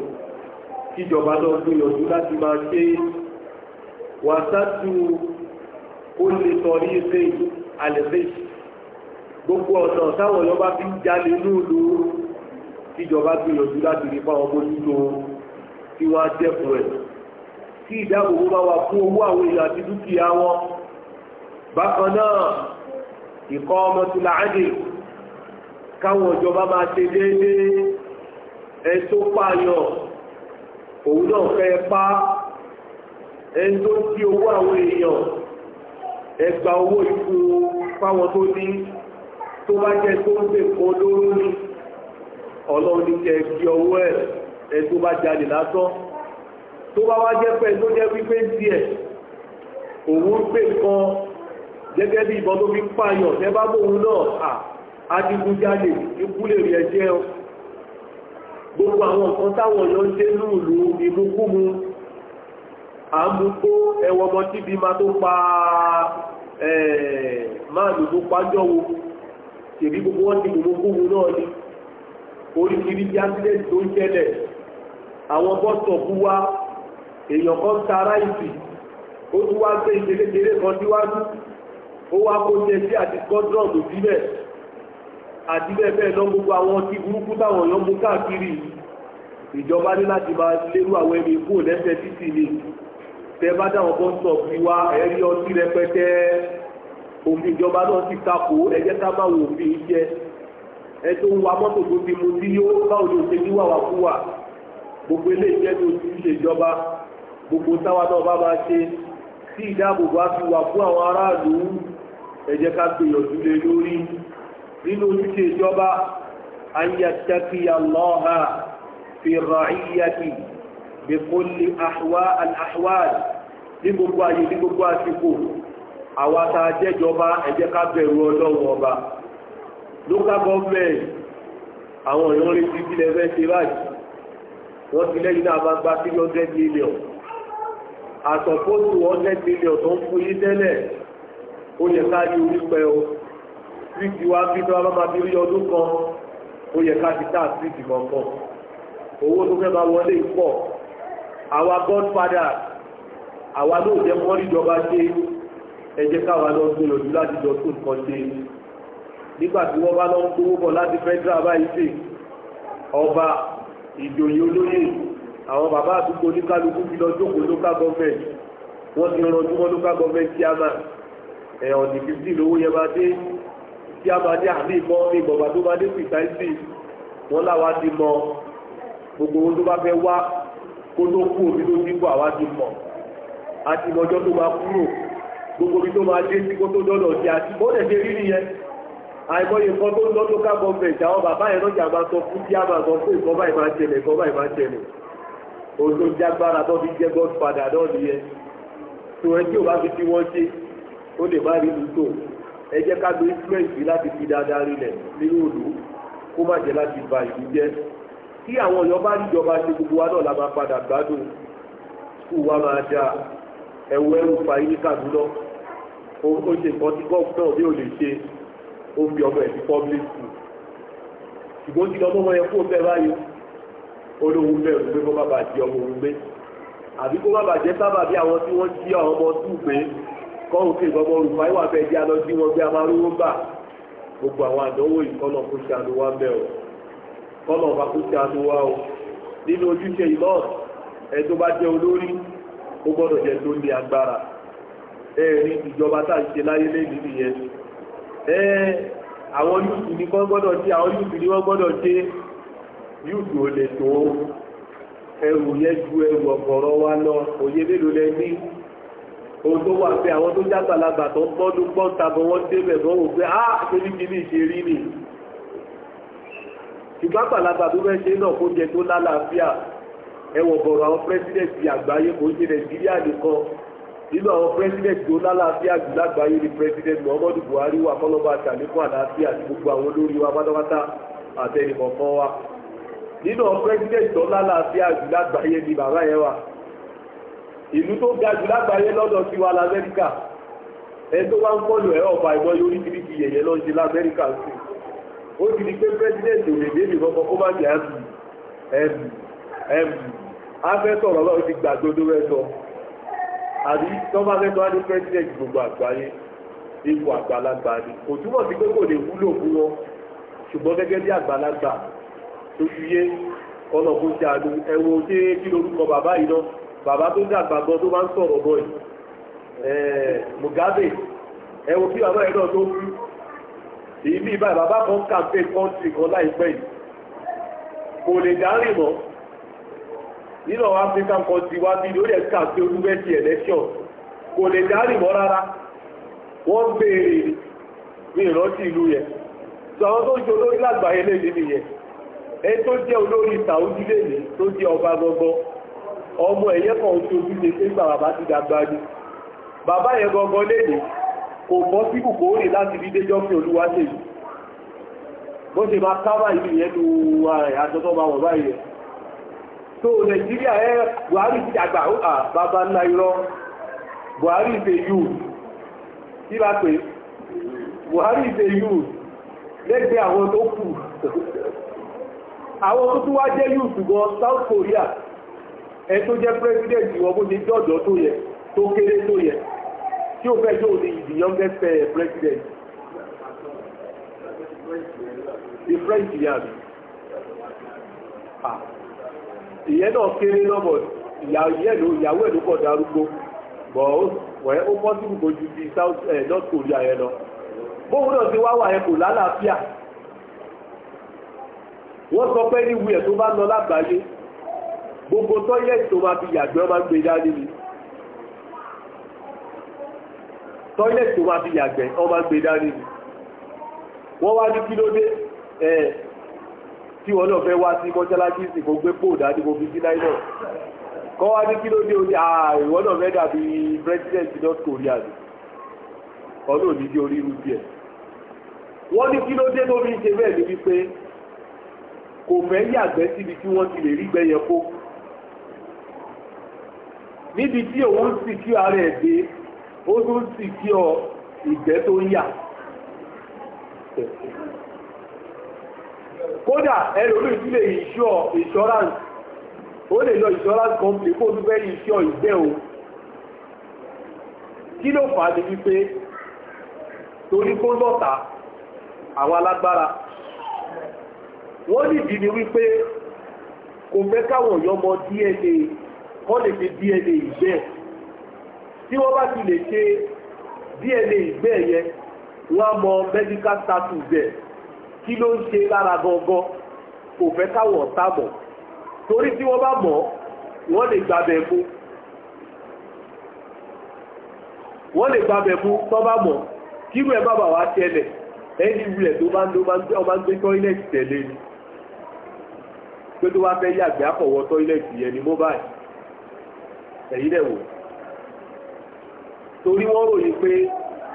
kíjọba lọ gbìyànjú láti máa ṣe wàsátù ó lè sọ ní ilé àlẹ́fẹ́ gbogbo ọ̀nà táwọn èèyàn bá fi ń jalè ní òlú kíjọba gbìyànjú láti rí fáwọn mójútó tí wọ́n á dẹ́kun ẹ̀ kí ìdáàbòbò bá wà fún owó àwọn èèyàn àti dúkìá wọn bákan náà ìkọ́ ọmọ tó láàdì káwọn ìjọba máa ṣe déédéé ẹ tó pààyàn òun náà fẹ́ pa ẹ tó tí owó àwọn èèyàn ẹ gba owó ikú fáwọn tó ní tó bá jẹ́ tó ń pè kó lórí ọlọ́run ní kẹ́ ọwọ́ ẹ̀ ẹ bá jalè lásán tó bá wá jẹ́ pẹ́ tó jẹ́ wípé díẹ̀ òun pè kan gẹ́gẹ́ bí ìbọn tó fi ń pààyàn tẹ́bá bóun náà adigunjalè ikúlè rí ẹjẹ́ ọ gbogbo àwọn nǹkan táwọn ọ̀yọ́ ń dé lúùlù ìmúkúmu àmúkó ẹwọ ọmọ tíbi ma tó pa máàlù tó pàjọwò tèmi gbogbo wọn ti ìmúkúmu náà ni oríṣiríṣi bí accident tó ń ṣẹlẹ̀ àwọn bọ́sọ̀pù wa èèyàn kan ta ráìsì ó tún wá gbé ìṣelékeré kan síwájú ó wá kó jẹ sí àti gọ́drọ̀n tó síbẹ̀ àti bẹ́ẹ̀ bẹ́ẹ̀ lọ gbogbo àwọn tí burúkú táwọn èèyàn mú káàkiri ìjọba ní láti máa lérú àwọn ẹni kú lẹ́sẹ̀ títì ni tẹ bá dáwọn bọ́ sọ fi wá ẹ̀rí ọtí rẹpẹtẹ òfin ìjọba náà ti takò ẹjẹ́ ká máa wò fi jẹ ẹ tó ń wa mọ́tò tó ti mu tí yóò báwo ni òṣèlú níwà wà fún wa gbogbo ilé ìjẹ́ ní ojúṣe ìjọba gbogbo táwa náà bá máa ṣe tí ìdáàbòbò á fi wà fún àwọn aráàlú ẹ jẹ́ ká gbìyànjú lé lórí nínú ojúṣe ìjọba ayataki allaha fi ra'iyati bi kulli ahwa al-ahwal ní gbogbo ayé ní gbogbo àsìkò àwa tá a jẹ́jọba ẹ jẹ́ ká bẹ̀rù ọlọ́run ọba local government àwọn èèyàn retí bí lẹ́fẹ́ ṣe báyìí wọ́n ti lẹ́yìn náà máa gba three hundred million àtọ̀pọ̀ two million tó ń fún yín tẹ́lẹ̀ ó yẹ ká o síìtì wa bí tí wọ́n bá máa fi rí ọdún kan ó yẹ ká ti tá síìtì kọ̀ọ̀kan owó tó fẹ́ máa wọlé pọ̀ àwa godfather àwa ló jẹ́ kọ́ níjọba ṣe ẹ jẹ́ káwa lọ gbé lòdù láti jọ tó nǹkan ṣe nígbà tí wọ́n bá lọ ń gbowó bọ̀ láti federal báyìí ṣe ọba ìjòyè olóyè àwọn bàbá àdúgbò oníkálukú fi lọ jókòó local government wọ́n ti ranjú mọ́ local government chairman ẹ̀yàn ọ̀dì fífì lówó yẹ bá dé tí a bá dé àbí ìmọ̀ ìgbọ̀gbà tó bá dé pìtàìsì wọn láwa ti mọ gbogbo ohun tó bá fẹ́ wá kó ló kú omi tó ti bọ̀ àwa ti mọ̀ a ti mọ ọjọ́ tó máa kúrò gbogbo omi tó máa dé sí kó tó dọ́dọ̀ sí àti bó dẹ̀ ṣe rí nìyẹn àìmọye nǹkan tó ń lọ lókà gọọmẹ̀ntì àwọn bàbá yẹn lọ́jà máa sọ fún kí á máa sọ fún ìfọ́nbà ìmáṣẹlẹ̀ ìfọ́nbà ìmáṣẹlẹ̀ òun tó jágbára tó fi jẹ́ godfather náà nìyẹn tòun ẹ tí ó lè má rí lùtò ẹ jẹ́ ká lo influence láti fi dáadáa rinlẹ̀ nínú òlù kó má jẹ́ láti ba ìlú jẹ́ tí àwọn èèyàn bá níjọba ṣe gbogbo wa náà la máa padà gbádùn skul wa máa da ẹ̀wù ẹ̀rù fàyí ní Kaduna ó ṣe nǹkan tí gọ́ọ̀fù náà bí ò lè ṣe ó fi ọmọ ẹ̀ public school ṣùgbọ́n ti lọ́mọ́ yẹn fún ọ̀fẹ́ báyìí olóhùn bẹ́ẹ̀ rú pé kó má bàa jẹ ọmọ òun gbé àbí kó má bàa jẹ àwọn tí wọ́n jí àwọn ọmọ tù pé kọ́hùn sí ìgbọ́mọ ayé wà fẹ́ di alọ sí wọn bí a máa rówó gbogbo àwọn àdánwò ìkọlọ̀ kó àánú wa mẹ́ o kọlọ̀ ọba kó àánú o nínú ojúṣe ìlọ́ọ̀ ẹ bá jẹ́ olórí ó gbọ́dọ̀ jẹ́ tó ní agbára ẹ̀rí ìjọba tá à ń ṣe láyé lẹ́yìn nìyẹn ẹ àwọn yúùtù ni wọ́n gbọ́dọ̀ ṣe àwọn yúùtù wọ́n wa lọ òye mélòó ohun tó wà pé àwọn tó jágbàlagbà tó ń gbọ́dún gbọ́n tàbí wọ́n débẹ̀ mọ́ wò pé á torí kìíní ṣe rí nì ṣùgbọ́n àgbàlagbà tó fẹ́ ṣe náà kó jẹ tó lálàáfíà ẹwọ̀n bọ̀rọ̀ àwọn pírẹ́sìdẹ̀ntì àgbáyé kò ń ṣe nàìjíríà nìkan nínú àwọn pírẹ́sìdẹ̀ntì tó lálàáfíà jù lágbàáyé ni pírẹ́sìdẹ̀ntì Muhammadu Buhari wà kọ́lọ́ba àtàlékún àlàáfíà àti gbogbo àwọn olórí wa pátápátá àtẹnìkọ̀ọ̀kan wa nínú àwọn pírẹ́sìdẹ̀ntì tó lálàáfíà jù lágbàáyé ni bàbá yẹn wà ìlú tó ga jù lágbàáyé lọ́dọ̀ sí wa lamẹ́ríkà ẹ tó wá ń kọlù ẹ ọba ìmọ̀ yóò rí kiri kiri yẹ̀yẹ́ lọ́ọ́ ṣe lamẹ́ríkà sí ó ti di pé pẹ́sidẹ̀ntì òyìnbó mi kọ́kọ́ kó má jẹ́ àmì ẹ̀mù ẹ̀mù afẹ́sọ̀rọ̀ bá ó ti gbàgbọ́dọ́ rẹ sọ àbí tọ́ba fẹ́sọ̀ á ní pẹ́sidẹ̀ntì gbogbo àgbáyé ipò àgbàlagbà ni kò túmọ̀ sí pé kò lè wúlò fún wọn ṣùgbọ́n gẹ́gẹ́ bí àgbàlagbà tó fi yé ọlọ́kùnrin ṣàánú ẹ̀wọ̀n ṣé kí lorúkọ bàbá yìí bàbá tó dàgbà gan tó bá ń sọ̀rọ̀ bọ́ ẹ̀ Mugabe ẹ wo kí bàbá yẹn náà tó kú èyí bí báyìí bàbá kan kàmpé kọ́ńtì kan láìpẹ́ yìí kò lè dárìn mọ́ nínú àwọn African country wá bí lórí ẹ̀ka pé olúwẹ́sì election kò lè dárìn mọ́ rárá wọ́n béèrè ní ìrántí ìlú yẹn sọ àwọn tó ń ṣe olórí lágbàáyé lè ní nìyẹn ẹni tó jẹ́ olórí Saudi lè ní tó jẹ́ ọba gbọ́ngbọ́n ọmọ ẹ̀yẹ́ kan ojú ojú lè pé gbà bàbá ti dàgbà ní bàbá yẹn gangan léde kò bọ́ sí kòkó rìn láti rí déjọ́ fi olúwa ṣe yìí bó ṣe máa kábà ìlú yẹn nu àjọtọ́ máa wọ̀ báyìí so nàìjíríà ẹ buhari ti dàgbà à bàbá ńlá irọ́ buhari ìfẹ́ yìí kí bá pè buhari ìfẹ́ yìí lẹ́gbẹ̀ẹ́ àwọn tó kù àwọn tó tún wá jẹ́ yìí ṣùgbọ́n South Korea ẹ tó jẹ́ president ìwọ bó ṣe jọ́jọ́ tó yẹ tó kéré tó yẹ tí ó fẹ́ tó di the youngest eh, president the french yàrá ah. ìyẹn náà kéré lọ́mọ̀ ìyàwó ẹ̀ ló pọ̀ darúgbó bọ̀ ó pọ́ sí ìgbójú bí eh, north korea yẹn lọ bóun náà ti wá wà yẹn kò lálàáfíà wọ́n sọ pé níwú ẹ̀ tó bá lọ lágbàáyé gbogbo tọ́ílẹ̀tì tó máa fi yàgbẹ́ ọmọ gbé dání ni tọ́ílẹ̀tì tó máa fi yàgbẹ́ ọmọ gbé dání ni wọ́n wá ní kí ló dé ẹ̀ tí wọ́n náà fẹ́ wá sí mọ́ṣáláṣí sì kó gbé pò dání kó fi sí náírà kọ́ wá ní kí ló dé ó ní àìwọ́n náà fẹ́ dàbí president North Korea ni ọlọ́ọ̀ ní orí irú díẹ̀ wọ́n ní kí ló dé lórí ìṣe bẹ́ẹ̀ ni wípé kò fẹ́ yàgbẹ́ síbi tí wọ́n ti lè rí gbẹ́yẹ kó níbi tí òun sì kí ara ẹ̀ dé ó tún sì kí ọ ìgbẹ́ tó ń yà kódà ẹlòmí ìdílé ìṣọ́ insurance ó lè lọ insurance company kó tún fẹ́ ìṣọ́ ìgbẹ́ o kí ló fà á ní wípé torí kó lọ́ta àwọn alágbára wọ́n nìdí ni wípé kò fẹ́ káwọn ọ̀yọ́ mọ DNA wọ́n lè ṣe DNA ìgbẹ́ tí wọ́n bá ti lè ṣe DNA ìgbẹ́ yẹn wọ́n mọ medical status ẹ̀ kí ló ń ṣe lára gangan kò fẹ́ káwọ̀ ọ̀tá mọ̀ torí tí wọ́n bá mọ̀ wọ́n lè gbàbẹ̀ mú wọ́n lè gbàbẹ̀ mú tọ́ bá mọ̀ kírú ẹ̀ bàbà wá tẹ́lẹ̀ ẹni wulẹ̀ tó bá ń gbé tọ́ílẹ̀tì tẹ̀lé ni pé tó bá fẹ́ yàgbé àkọ̀wọ́ tọ́ílẹ̀tì yẹn ni mobile ẹ̀yìn dẹ̀ wò torí wọ́n ròyìn pé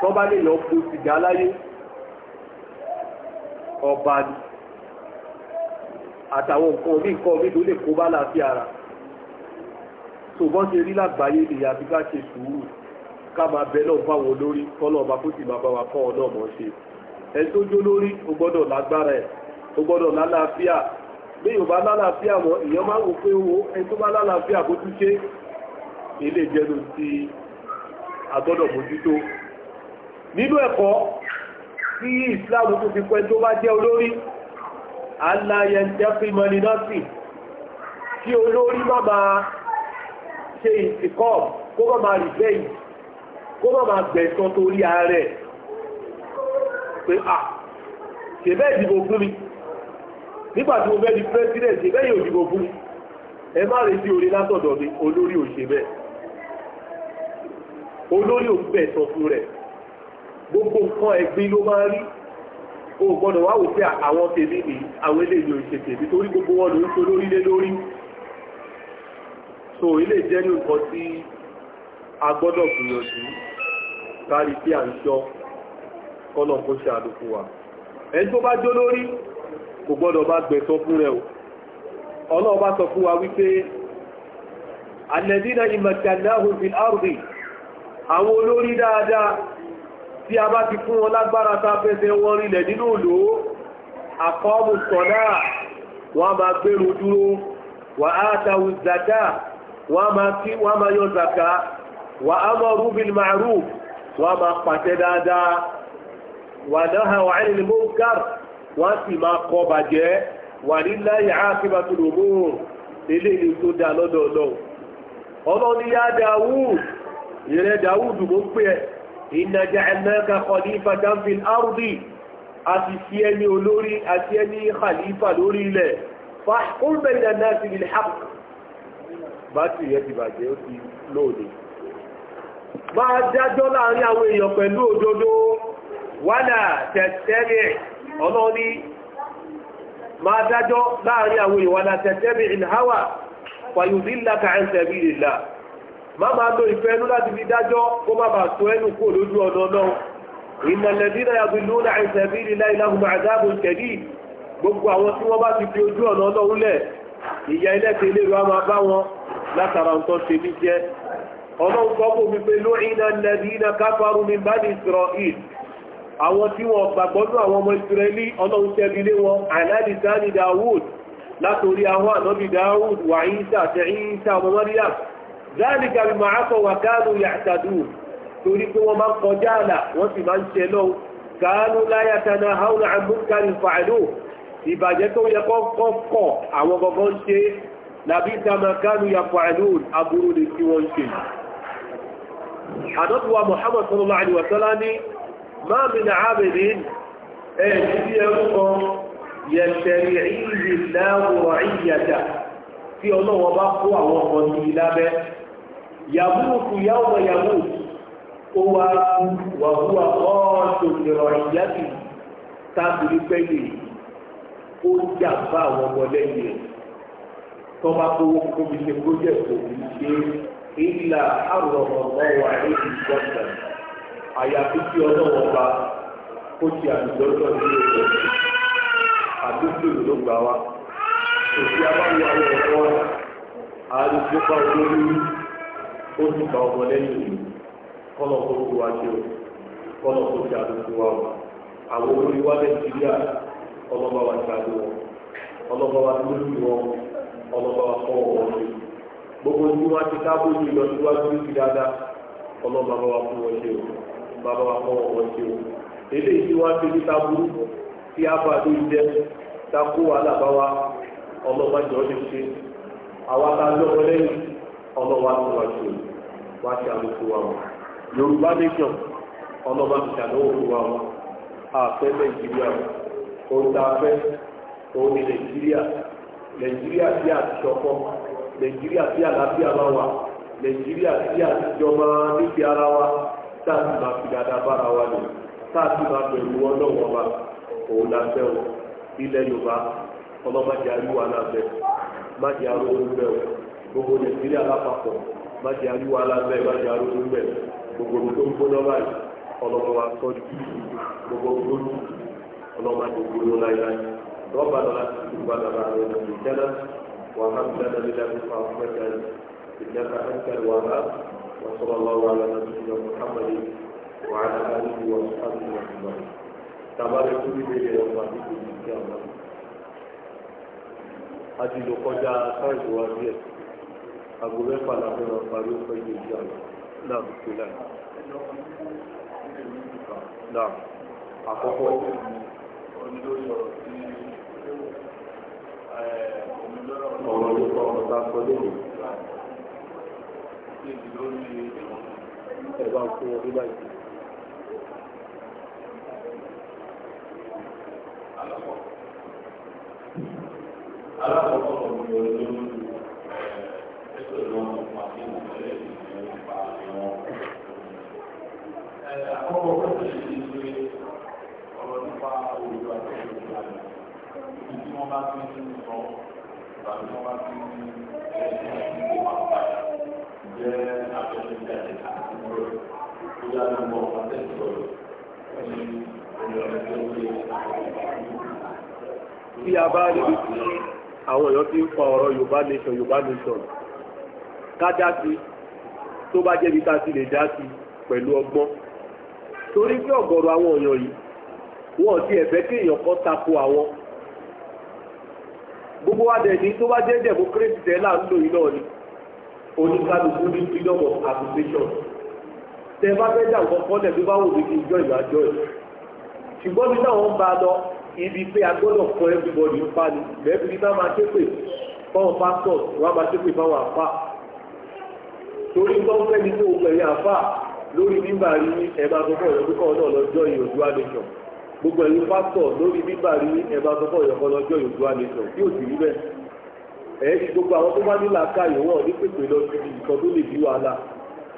wọ́n bá lè lọ bu sìgá láyé ọba ni àtàwọn nǹkan orí nǹkan orí ló lè kó bá láti ara tó bọ́n ṣe rí lágbàáyé ni àti ká ṣe sùúrù ká máa bẹ náà bá wọn lórí kọ́nà ọba kó sì máa bá wa kọ́ ọ náà mọ̀ ṣe ẹ tó jó lórí o gbọ́dọ̀ lágbára ẹ̀ o gbọ́dọ̀ lálàáfíà bí yorùbá lálàáfíà mọ́ èèyàn máa wò pé owó ẹ tó bá lálàáfíà bó tún ṣe ilé jẹ́nu tí a gbọ́dọ̀ mójútó nínú ẹ̀kọ́ tí Islam tó fi pẹ́ tó bá jẹ́ olórí aláyẹntẹ́fìmọ́ni nọ́ọ̀sì kí olórí má máa ṣe ìsìnkọ́ kó má máa rìbẹ́ yìí kó má máa gbẹ̀sán torí ààrẹ pé à ṣèbẹ́ ìdìbò fún mi nígbà tí mo fẹ́ di president ṣèbẹ́ yìí ò dìbò fún mi ẹ má retí orí látọ̀dọ̀ mi olórí ò ṣe bẹ́ẹ̀ olórí òbẹ̀ sọ fún rẹ̀ gbogbo nǹkan ẹ̀gbin ló máa rí o gbọ́dọ̀ wá wò pé àwọn tèmi ní àwọn eléyìí òṣè tèmi torí gbogbo wọn ló ń so lórí lé lórí so ilé jẹ́ ní nǹkan tí a gbọ́dọ̀ gbìyànjú kárí pé à ń sọ kọ́nà kó ṣe àlòkù wa ẹni tó bá jó lórí kò gbọ́dọ̀ bá gbẹ̀sọ fún rẹ̀ o ọlọ́ọ̀bá sọ fún wa wípé alẹ́dínà ìmọ̀tàláhùn fi áàrùn àwọn olórí dáadáa tí a bá ti fún wọn lágbára tá fẹ́sẹ̀ wọn nínú òlò àkọ́mù sọ̀dá wọ́n gbèrú dúró wà á tàwù zàká wọ́n máa yọ zàká wà á mọ̀ rúbìn màrú wọ́n máa dáadáa wà náà wà ní nílùú wà nílá mú tó dá ìrẹ́ dáwùdù mọ́ pé ẹ̀ inna ja'alnaka khalifatan fil ardi àti fi ẹni olórí àti ẹni khalifa lórí ilẹ̀ fahkum bayna an-nasi bil haqq bátì yẹ ti bàjẹ́ ó ti lóòdì má máa lo ìfẹ́ ẹnu láti fi dájọ́ kó má bàa tó ẹnu kó lójú ọ̀nà ọlọ́run ìnàlẹ́bí náà yàgò ìlú náà ẹ̀sẹ̀ bí ilé ìlànà àdáàbò kẹ̀dí gbogbo àwọn tí wọ́n bá ti fi ojú ọ̀nà ọlọ́run lẹ̀ ìyà ẹlẹ́tẹ̀ eléru a máa bá wọn látara nǹkan ṣe ní jẹ́ ọlọ́run sọ fún mi pé látòrí àwọn ànábì Dawud wà Ìsá àti dáríkà bí màá kọ wà káànù yàtàdù torí pé wọ́n máa ń kọjá àlà wọ́n sì máa ń ṣe lọ́wọ́ káànù láyà tana haúnà àmúkárì fàánù ìbàjẹ́ tó yẹ kọ́ kọ́ àwọn gbogbo ń ṣe nàbí tàmà káànù yà fàánù aburú ni tí wọ́n ń ṣe. àdọ́tùwà Muhammad sallallahu tí ọlọ́wọ́ bá kó àwọn ọmọ ní ìlàbẹ́ yàmúùkù yàwọ̀ yàmúùkù ó wá kú wàhúwà ọ́ọ̀tò ìrọ̀ ìyáàbì tábìlì pẹ́yì ó jàmbá àwọn ọmọ lẹ́yìn ẹ̀ tọ́ba kówó kó mi ṣe pọ́jẹ́tì òun ṣe ìlà àrọ̀mọ̀ ọ̀wà èyí gbọ́dọ̀ àyàfi tí ọlọ́wọ́ bá ó ti àdúgbò ní ọ̀sẹ̀ àdúgbò ló gbà wá kò abáwọ̀ àwọn ọ̀rọ̀ àdúgbò bá olórí. ó sì ka ọmọ lẹ́yìn kọ́lọ̀ tó kú o kọ́lọ̀ tó ṣe àdúgbò wa o àwọn olórí wa nàìjíríà ọlọ́ba wa ṣe àdúgbò ọlọ́ba wa tó lù wọn ọlọ́ba wa kọ́ wọn gbogbo ti sí dáadáa ọlọ́ba wa o bàbá wa kọ́ wọn ṣe o eléyìí tí wọ́n ti ní tí a bá tó jẹ takó ọlọ́ba ti ṣe ọlọ́wà tó wá ṣe wá ṣe àlùkò wa wọn yorùbá nation ọlọ́wà ti ṣàdánwò fún wa wọn àfẹ́ nàìjíríà ohun a fẹ́ òun ni nàìjíríà nàìjíríà bí àtìṣọkọ nàìjíríà bí àlàáfíà bá wà nàìjíríà bí àtijọba níbi ara wa tá a ti máa fi dáadáa bára wa lò tá a ti máa bẹ̀rù wọn lọ́wọ́ wa òun la fẹ́ wọn ilẹ̀ yorùbá ọlọ́mọdé ayé wa la fẹ́ májè arúgbó fẹ́ wọn gbogbo nàìjíríà lápapọ̀ má jẹ́ ariwo alábẹ́ má jẹ́ arúgbó mẹ́ gbogbo omi tó ń gbóná báyìí ọlọ́mọ wa tọ́jú gbogbo gbólú ọlọ́mọ àti gbólú láyéláyé rọ́bà lọ́la ti ti gbàgbà àwọn ọmọ ìjẹ́nà wà á bí dáná nílẹ̀ nípa ọ̀pẹ́ta ìjẹ́ta ẹ̀ńtẹ̀ wà á وصلى الله على نبينا محمد وعلى آله وصحبه أجمعين tó ní ìbéèrè ọba ní kò ní kí àwọn àjùlọ kọjá àgbo mẹ́fà làwọn ọmọ parí ọkọ̀ ìlú ìjà láì. àkọ́kọ́ ọ̀rọ̀ nípa ọ̀rọ̀ tá a sọ lónìí. ẹ bá fún wọn ní báyìí. alákọ̀ọ́kọ́ ọ̀rọ̀ lónìí àkọ́kọ́ pẹ̀lú ìdíje ọ̀rọ̀ a bá rí i tí àwọn èèyàn ti ń pa ọ̀rọ̀ Yorùbá nation Yorùbá nation ká dá sí tó bá jẹ́ bí ká sì lè dá sí pẹ̀lú ọgbọ́n torí pé ọ̀gọ̀rọ̀ àwọn èèyàn yìí wọ́n ti ẹ̀fẹ́ kí èèyàn kan tako àwọn gbogbo wa dẹ̀ ní tó bá jẹ́ democracy tẹ́lá ń lò yìí náà ni oníkálukú ní freedom of association tẹ bá fẹ́ dà nǹkan kọ́lẹ̀ tó bá wù mí kí n jọ ìlú àjọ yìí ṣùgbọ́n bí táwọn ń bá a lọ ibi pé a gbọ́dọ̀ fún everybody ń pa ni lẹ́bi ní bá máa ṣépè fáwọn pastors wọ́n á máa ṣépè fáwọn àpá torí tó ń fẹ́ni tó pẹ̀lú àfà lórí bíbà rí ẹ̀bá n'ọjọ ìyọkọ́ náà ìyọ̀dú àdéṣọ̀ gbogbo ẹ̀yin pásítọ̀ lórí bíbà rí ẹ̀bá àkọ́kọ́ ìyọkọ́ lọ́jọ́ ìyọ̀dú àdéṣọ̀ tí ò sì rí bẹ́ẹ̀ ẹ̀ gbogbo àwọn tó bá ní làákà ní pèpè lọ sí tó lè wàhálà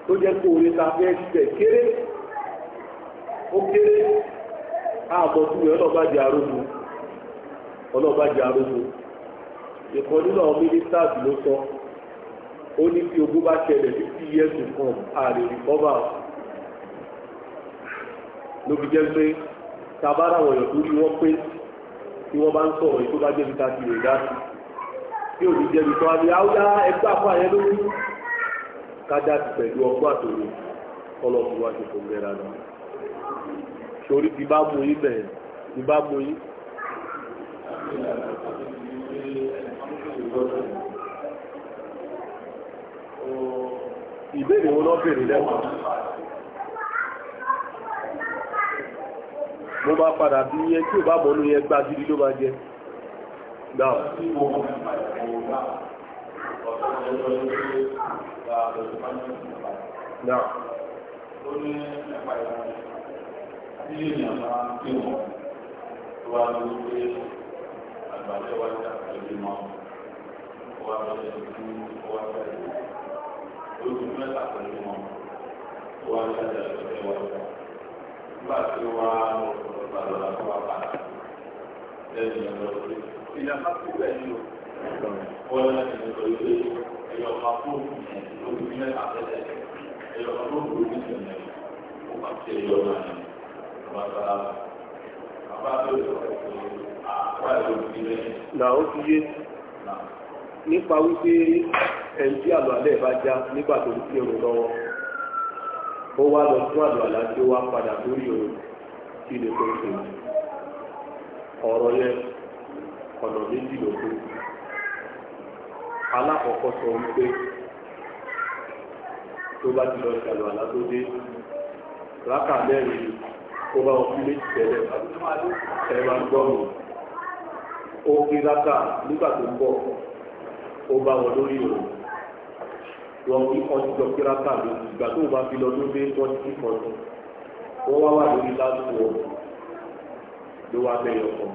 tó jẹ́ kó orin ta fẹ́ kéré ó kéré ó ní tí ogún bá ṣẹlẹ̀ fifty years kan ààrẹ rìkọ́bà ló fi jẹ́ pé tabara wọ̀nyọ̀ tó rí wọ́n pé tí wọ́n bá ń sọ̀rọ̀ yìí tó bá jẹ́ níta ti rè dá sí tí òní jẹ́ nípa ni áwúyá ẹgbẹ́ àpá yẹn ló rí kájá ti pẹ̀lú ọgbọ́n àtòrò ọlọ́run wá ṣe fún mẹ́ra náà sórí ti bá mú yín bẹ̀rẹ̀ ti bá mú yín ìbéèrè wo lọ́ bèèrè lẹ́wọ̀n mo bá padà bí iye tí ò bá mọ̀ ní ẹgbà gidi ló máa jẹ náà náà ó ní ẹ̀pà ìwọ̀n tí èèyàn máa ń olùkọ́ mẹ́ta pẹ̀lú wọn tó wá ṣáájú àgbẹ̀fẹ́ wa nígbà tí wá ọ̀rọ̀ àlọ́lá tó wá bá lẹ́yìn ọ̀rọ̀ pé ìyá bá kú bẹ́ẹ̀ ni o wọ́n lẹ́yìn ọ̀rọ̀ ilé ẹ̀yọ̀ ọ̀pá fóònù yẹn olùkọ́ mẹ́ta tẹ́lẹ̀ ẹ̀yọ̀ ọ̀pá fóònù yẹn ti yẹn ó bá ti ẹ̀yọ̀ ọ̀rọ̀ yẹn ọ̀pá sára àbá tó yẹ ọ̀rọ̀ àkọ́ nípa wípé ẹni tí àlọ́ alẹ́ bá já nígbà tó ń fi òun lọ́wọ́ ó wá lọ fún àlọ́ àlá tí ó wá padà lórí òun kí ni tó ń ṣe ọ̀rọ̀ yẹn ọ̀nà méjì ló kú alákọ̀ọ́kọ́ sọ wípé tó bá ti lọ ìṣàlọ̀ àlá tó dé rákà mẹ́rin ó bá wọn fi méjì tẹ́lẹ̀ ẹ máa ó kí rákà nígbà tó ń bọ̀ ó bá wọn lórí o wọn kí kan ti jọ kíra tàbí ìgbà tó bá fi lọ lóde wọn ti kàn sí wọn wá wà lórí láti wọn ló wá bẹyọ kan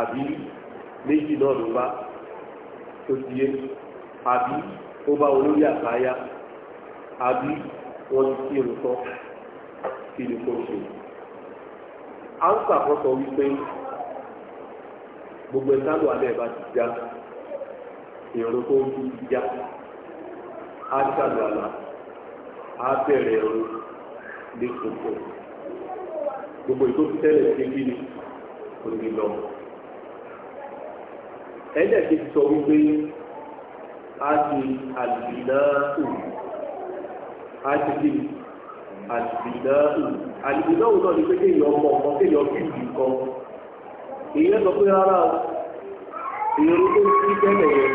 àbí méjì náà ló bá tó ti yé àbí ó bá wọn lórí àkáyá àbí wọn ti kí irun tán kí ni kò ṣe à ń sàkóso wípé gbogbo ìtàlù alẹ́ bá ti já ìrún tó ń bí já á ṣàlùwàlà á bẹ̀rẹ̀ ẹ̀rọ ní kòkó gbogbo ètò tẹ́lẹ̀ sí kí ni kò ní lọ. ẹ̀dẹ̀ ti sọ wípé a ti àlùbínáàtù a ti di àlùbínáàtù àlùbínáàtù náà ni pé kéèyàn mọ̀ ọ̀kan kéèyàn kí ìdì kan èyí sọ pé rárá o tó ń bí tẹ́lẹ̀ yẹn.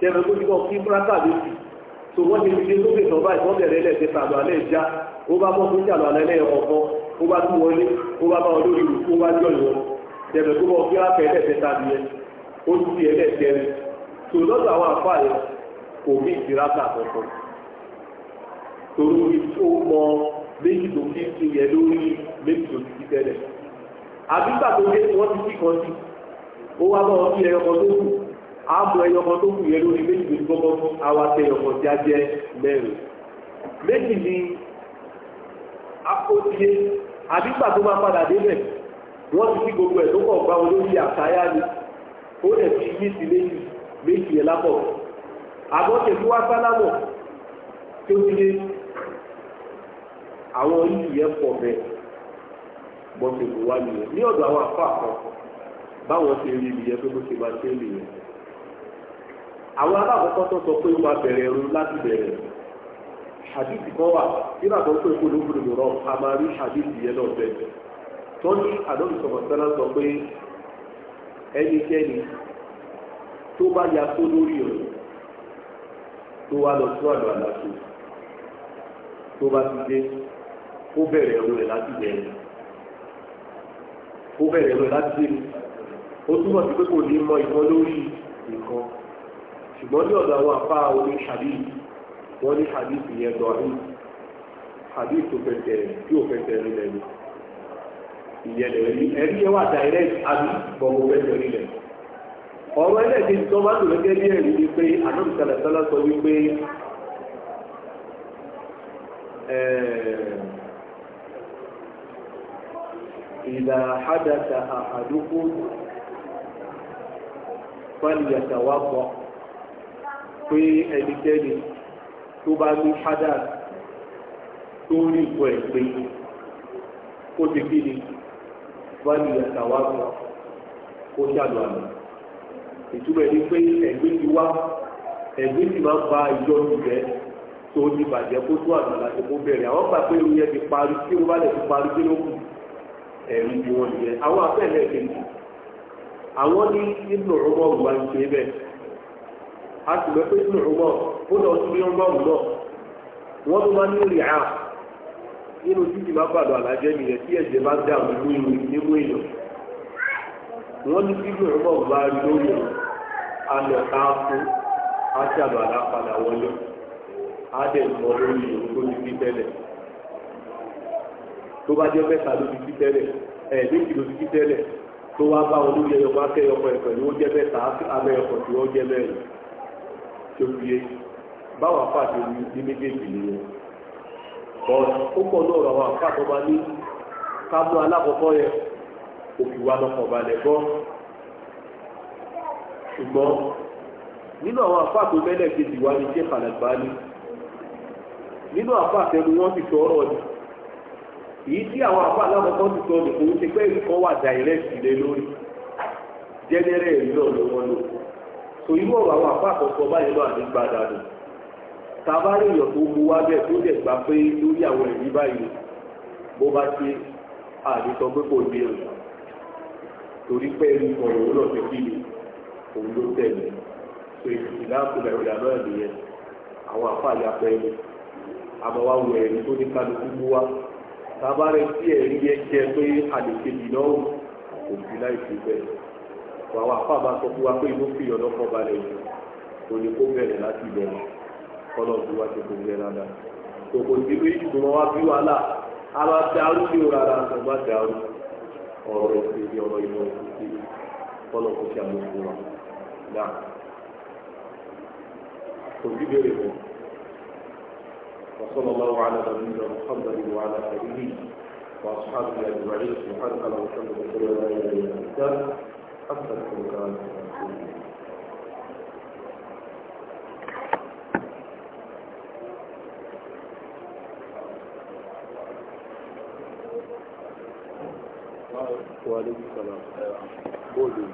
tẹ́lẹ̀ tó ti kọ́ kí búrákà ló sì tó wọ́n ti fi lókè tó báyìí wọ́n bẹ̀rẹ̀ lẹ̀ tẹ́ta àlọ́ alẹ́ ìjà ó bá bọ́ fún ìjàlọ́ alẹ́ lẹ́yìn ọ̀kan ó bá tún wọlé ó bá bá olórí ìlú ó bá jọ ìwọ tẹ́lẹ̀ tó bọ́ kí afẹ́ lẹ̀ tẹ́ta nìyẹn ó ti fi ẹlẹ́ tẹ́lẹ̀ tó lọ́dọ̀ àwọn àfa yẹn kò ní ìdíraka kankan torí ó mọ méjì tó fi ti yẹ lórí méjì tó ti tẹ́lẹ̀ àbí gbàgbọ́ àmọ ẹyọkọ tó kù yẹn lórí méjì tó kọ́kọ́ fún àwa tẹ ẹyọkọ tí a jẹ mẹ́rin méjì ni akótiye àbígbà tó máa padà débẹ̀ wọ́n ti fi gbogbo ẹ̀ tó kọ̀ gba olórí àtayá ni ó lè fi yí sí méjì méjì yẹn lápọ̀ àmọ́ tẹ̀sí wá sálámọ̀ tó ti dé àwọn yìí yẹn pọ̀ bẹ́ẹ̀ bọ́sẹ̀ kò wá nìyẹn ní ọ̀dọ̀ àwọn àfọ àkọ́ báwọn ṣe rí nìyẹn pé bó ṣe máa ṣe nìyẹn. àwọn aláàkọ́kọ́ tó sọ pé ó bẹ̀rẹ̀ ẹ̀rù láti bẹ̀rẹ̀ hadithi kan wà nígbà tó ń pè kó a máa rí yẹn tó ní ya tó lórí rẹ̀ tó wá lọ sí àlọ́ àlàfo tó bá ti dé ó bẹ̀rẹ̀ rẹ̀ láti bẹ̀rẹ̀ ó bẹ̀rẹ̀ ṣùgbọ́n ní ọ̀dọ̀ àwọn afá oní hadith wọ́n ní hadith yẹn dọ̀rí hadith tó fẹsẹ̀ tí ò fẹsẹ̀ rí lẹ́nu ìyẹn lè rí ẹ̀rí yẹn wà direct àbí gbọ̀ngàn fẹsẹ̀ rí lẹ́nu. ọ̀rọ̀ ẹlẹ́ẹ̀kejì tó bá lòlẹ́ gẹ́gẹ́ bí ẹ̀rí ni pé anábì sàlẹ̀sálà sọ wípé ìlà hadatha ahadukum fàlìyàtàwà pọ̀ pé ẹnikẹ́ni tó bá ní ṣádà tó rí nǹkan ẹ̀ pé ó ti kí ni wá ní ẹ̀sàwá kan kó ṣàlù àná ìtumọ̀ ni pé ẹ̀gbẹ́ ti wá ẹ̀gbẹ́ ti máa ń ba ìjọ ìjẹ́ tó ti bàjẹ́ kó tó àná láti kó bẹ̀rẹ̀ àwọn gbà pé oúnjẹ ti parí tí wọ́n bá lè ti parí kí ló kù ẹ̀rí ju wọn nìyẹn àwọn abẹ́lẹ̀ kejì àwọn ní nínú ọmọ òwúwa ń bẹ́ẹ̀. a sì mọ̀ pé inú ọmọ ó lọ sí bí wọ́n bá wù náà wọ́n tó máa ń lórí à nínú títí máa bàdọ̀ àlàjẹ́ mi tí ẹ̀jẹ̀ bá dà mí lóyún nígbó èèyàn wọ́n ní bá rí lórí wọlé lórí ìlú tó ti fi tẹ́lẹ̀ tó bá jẹ́ mẹ́ta ló ti fi tẹ́lẹ̀ tó yé báwọn afáàtì omi ní méjèèjì nìyẹn bọ́ọ̀lù ó pọ̀ náà rọ̀ àwọn afáàtì ọba ní kámú alákọ̀ọ́kọ́ yẹ òfin wa lọ́kọ̀ balẹ̀ gbọ́ ṣùgbọ́n nínú àwọn afáàtì mẹ́lẹ̀ kejì wa ní ṣé kàlàgbá ní nínú afáàtì ẹnu wọn ti sọ ọ̀rọ̀ ni èyí tí àwọn afáàtì alákọ̀ọ́kọ́ ti sọ ọ̀rọ̀ kò ń ṣe pé ìkọ́ wà dàìrẹ́tì lé lórí jẹ́nẹ́rẹ́ ìlú ọ̀lọ́wọ́ tò irú ọ̀rọ̀ àwọn àpá àkọ́kọ́ báyìí náà ní gbàdá nù tàbá èèyàn tó mú wá bẹ́ẹ̀ tó dẹ̀ gbà pé lórí àwọn ẹ̀rí báyìí bó bá ṣe àdìsọ pé kò ní ẹ̀rù torí pé ẹni ọ̀rọ̀ òun náà ti fi ni òun ló tẹ̀lé pé ìdáàbò ìrìnà náà nìyẹn àwọn àpá àyàpẹ́ ẹni àmọ́ wá wọ ẹ̀rí tó ní kálukú mú wá tàbá rẹ̀ sí ẹ̀rí yẹn jẹ́ pé àdìsẹ́bì náà kò sí láì àwọn àfàbà sọ fún wa pé inú fi ọ̀dọ́ kọ́ balẹ̀ yìí kò ní kó bẹ̀rẹ̀ láti ìbẹ̀rẹ̀ kọ́lọ̀ tí wá ti kò jẹ́ rárá kòkò tí bí ìgbìmọ̀ wá bí wàhálà a máa tẹ arú ní òrara a máa tẹ arú ọ̀rọ̀ ẹ̀sìn ọ̀rọ̀ ìmọ̀ ẹ̀sìn sí kò ṣe àmójú wa náà kò sí bẹ̀rẹ̀ mọ́ وصلى الله على نبينا محمد وعلى اله واصحابه اجمعين سبحانك اللهم وبحمدك اشهد ان لا اله الا انت أستغفرك وأتوب إليك وعليكم السلام بولي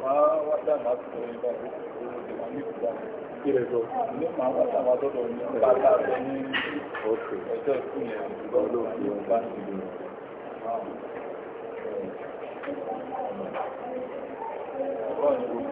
ما ودمت قريبا kí ọjọ́ ìpínlẹ̀ ọdún yorùbá nílùú. Thank you.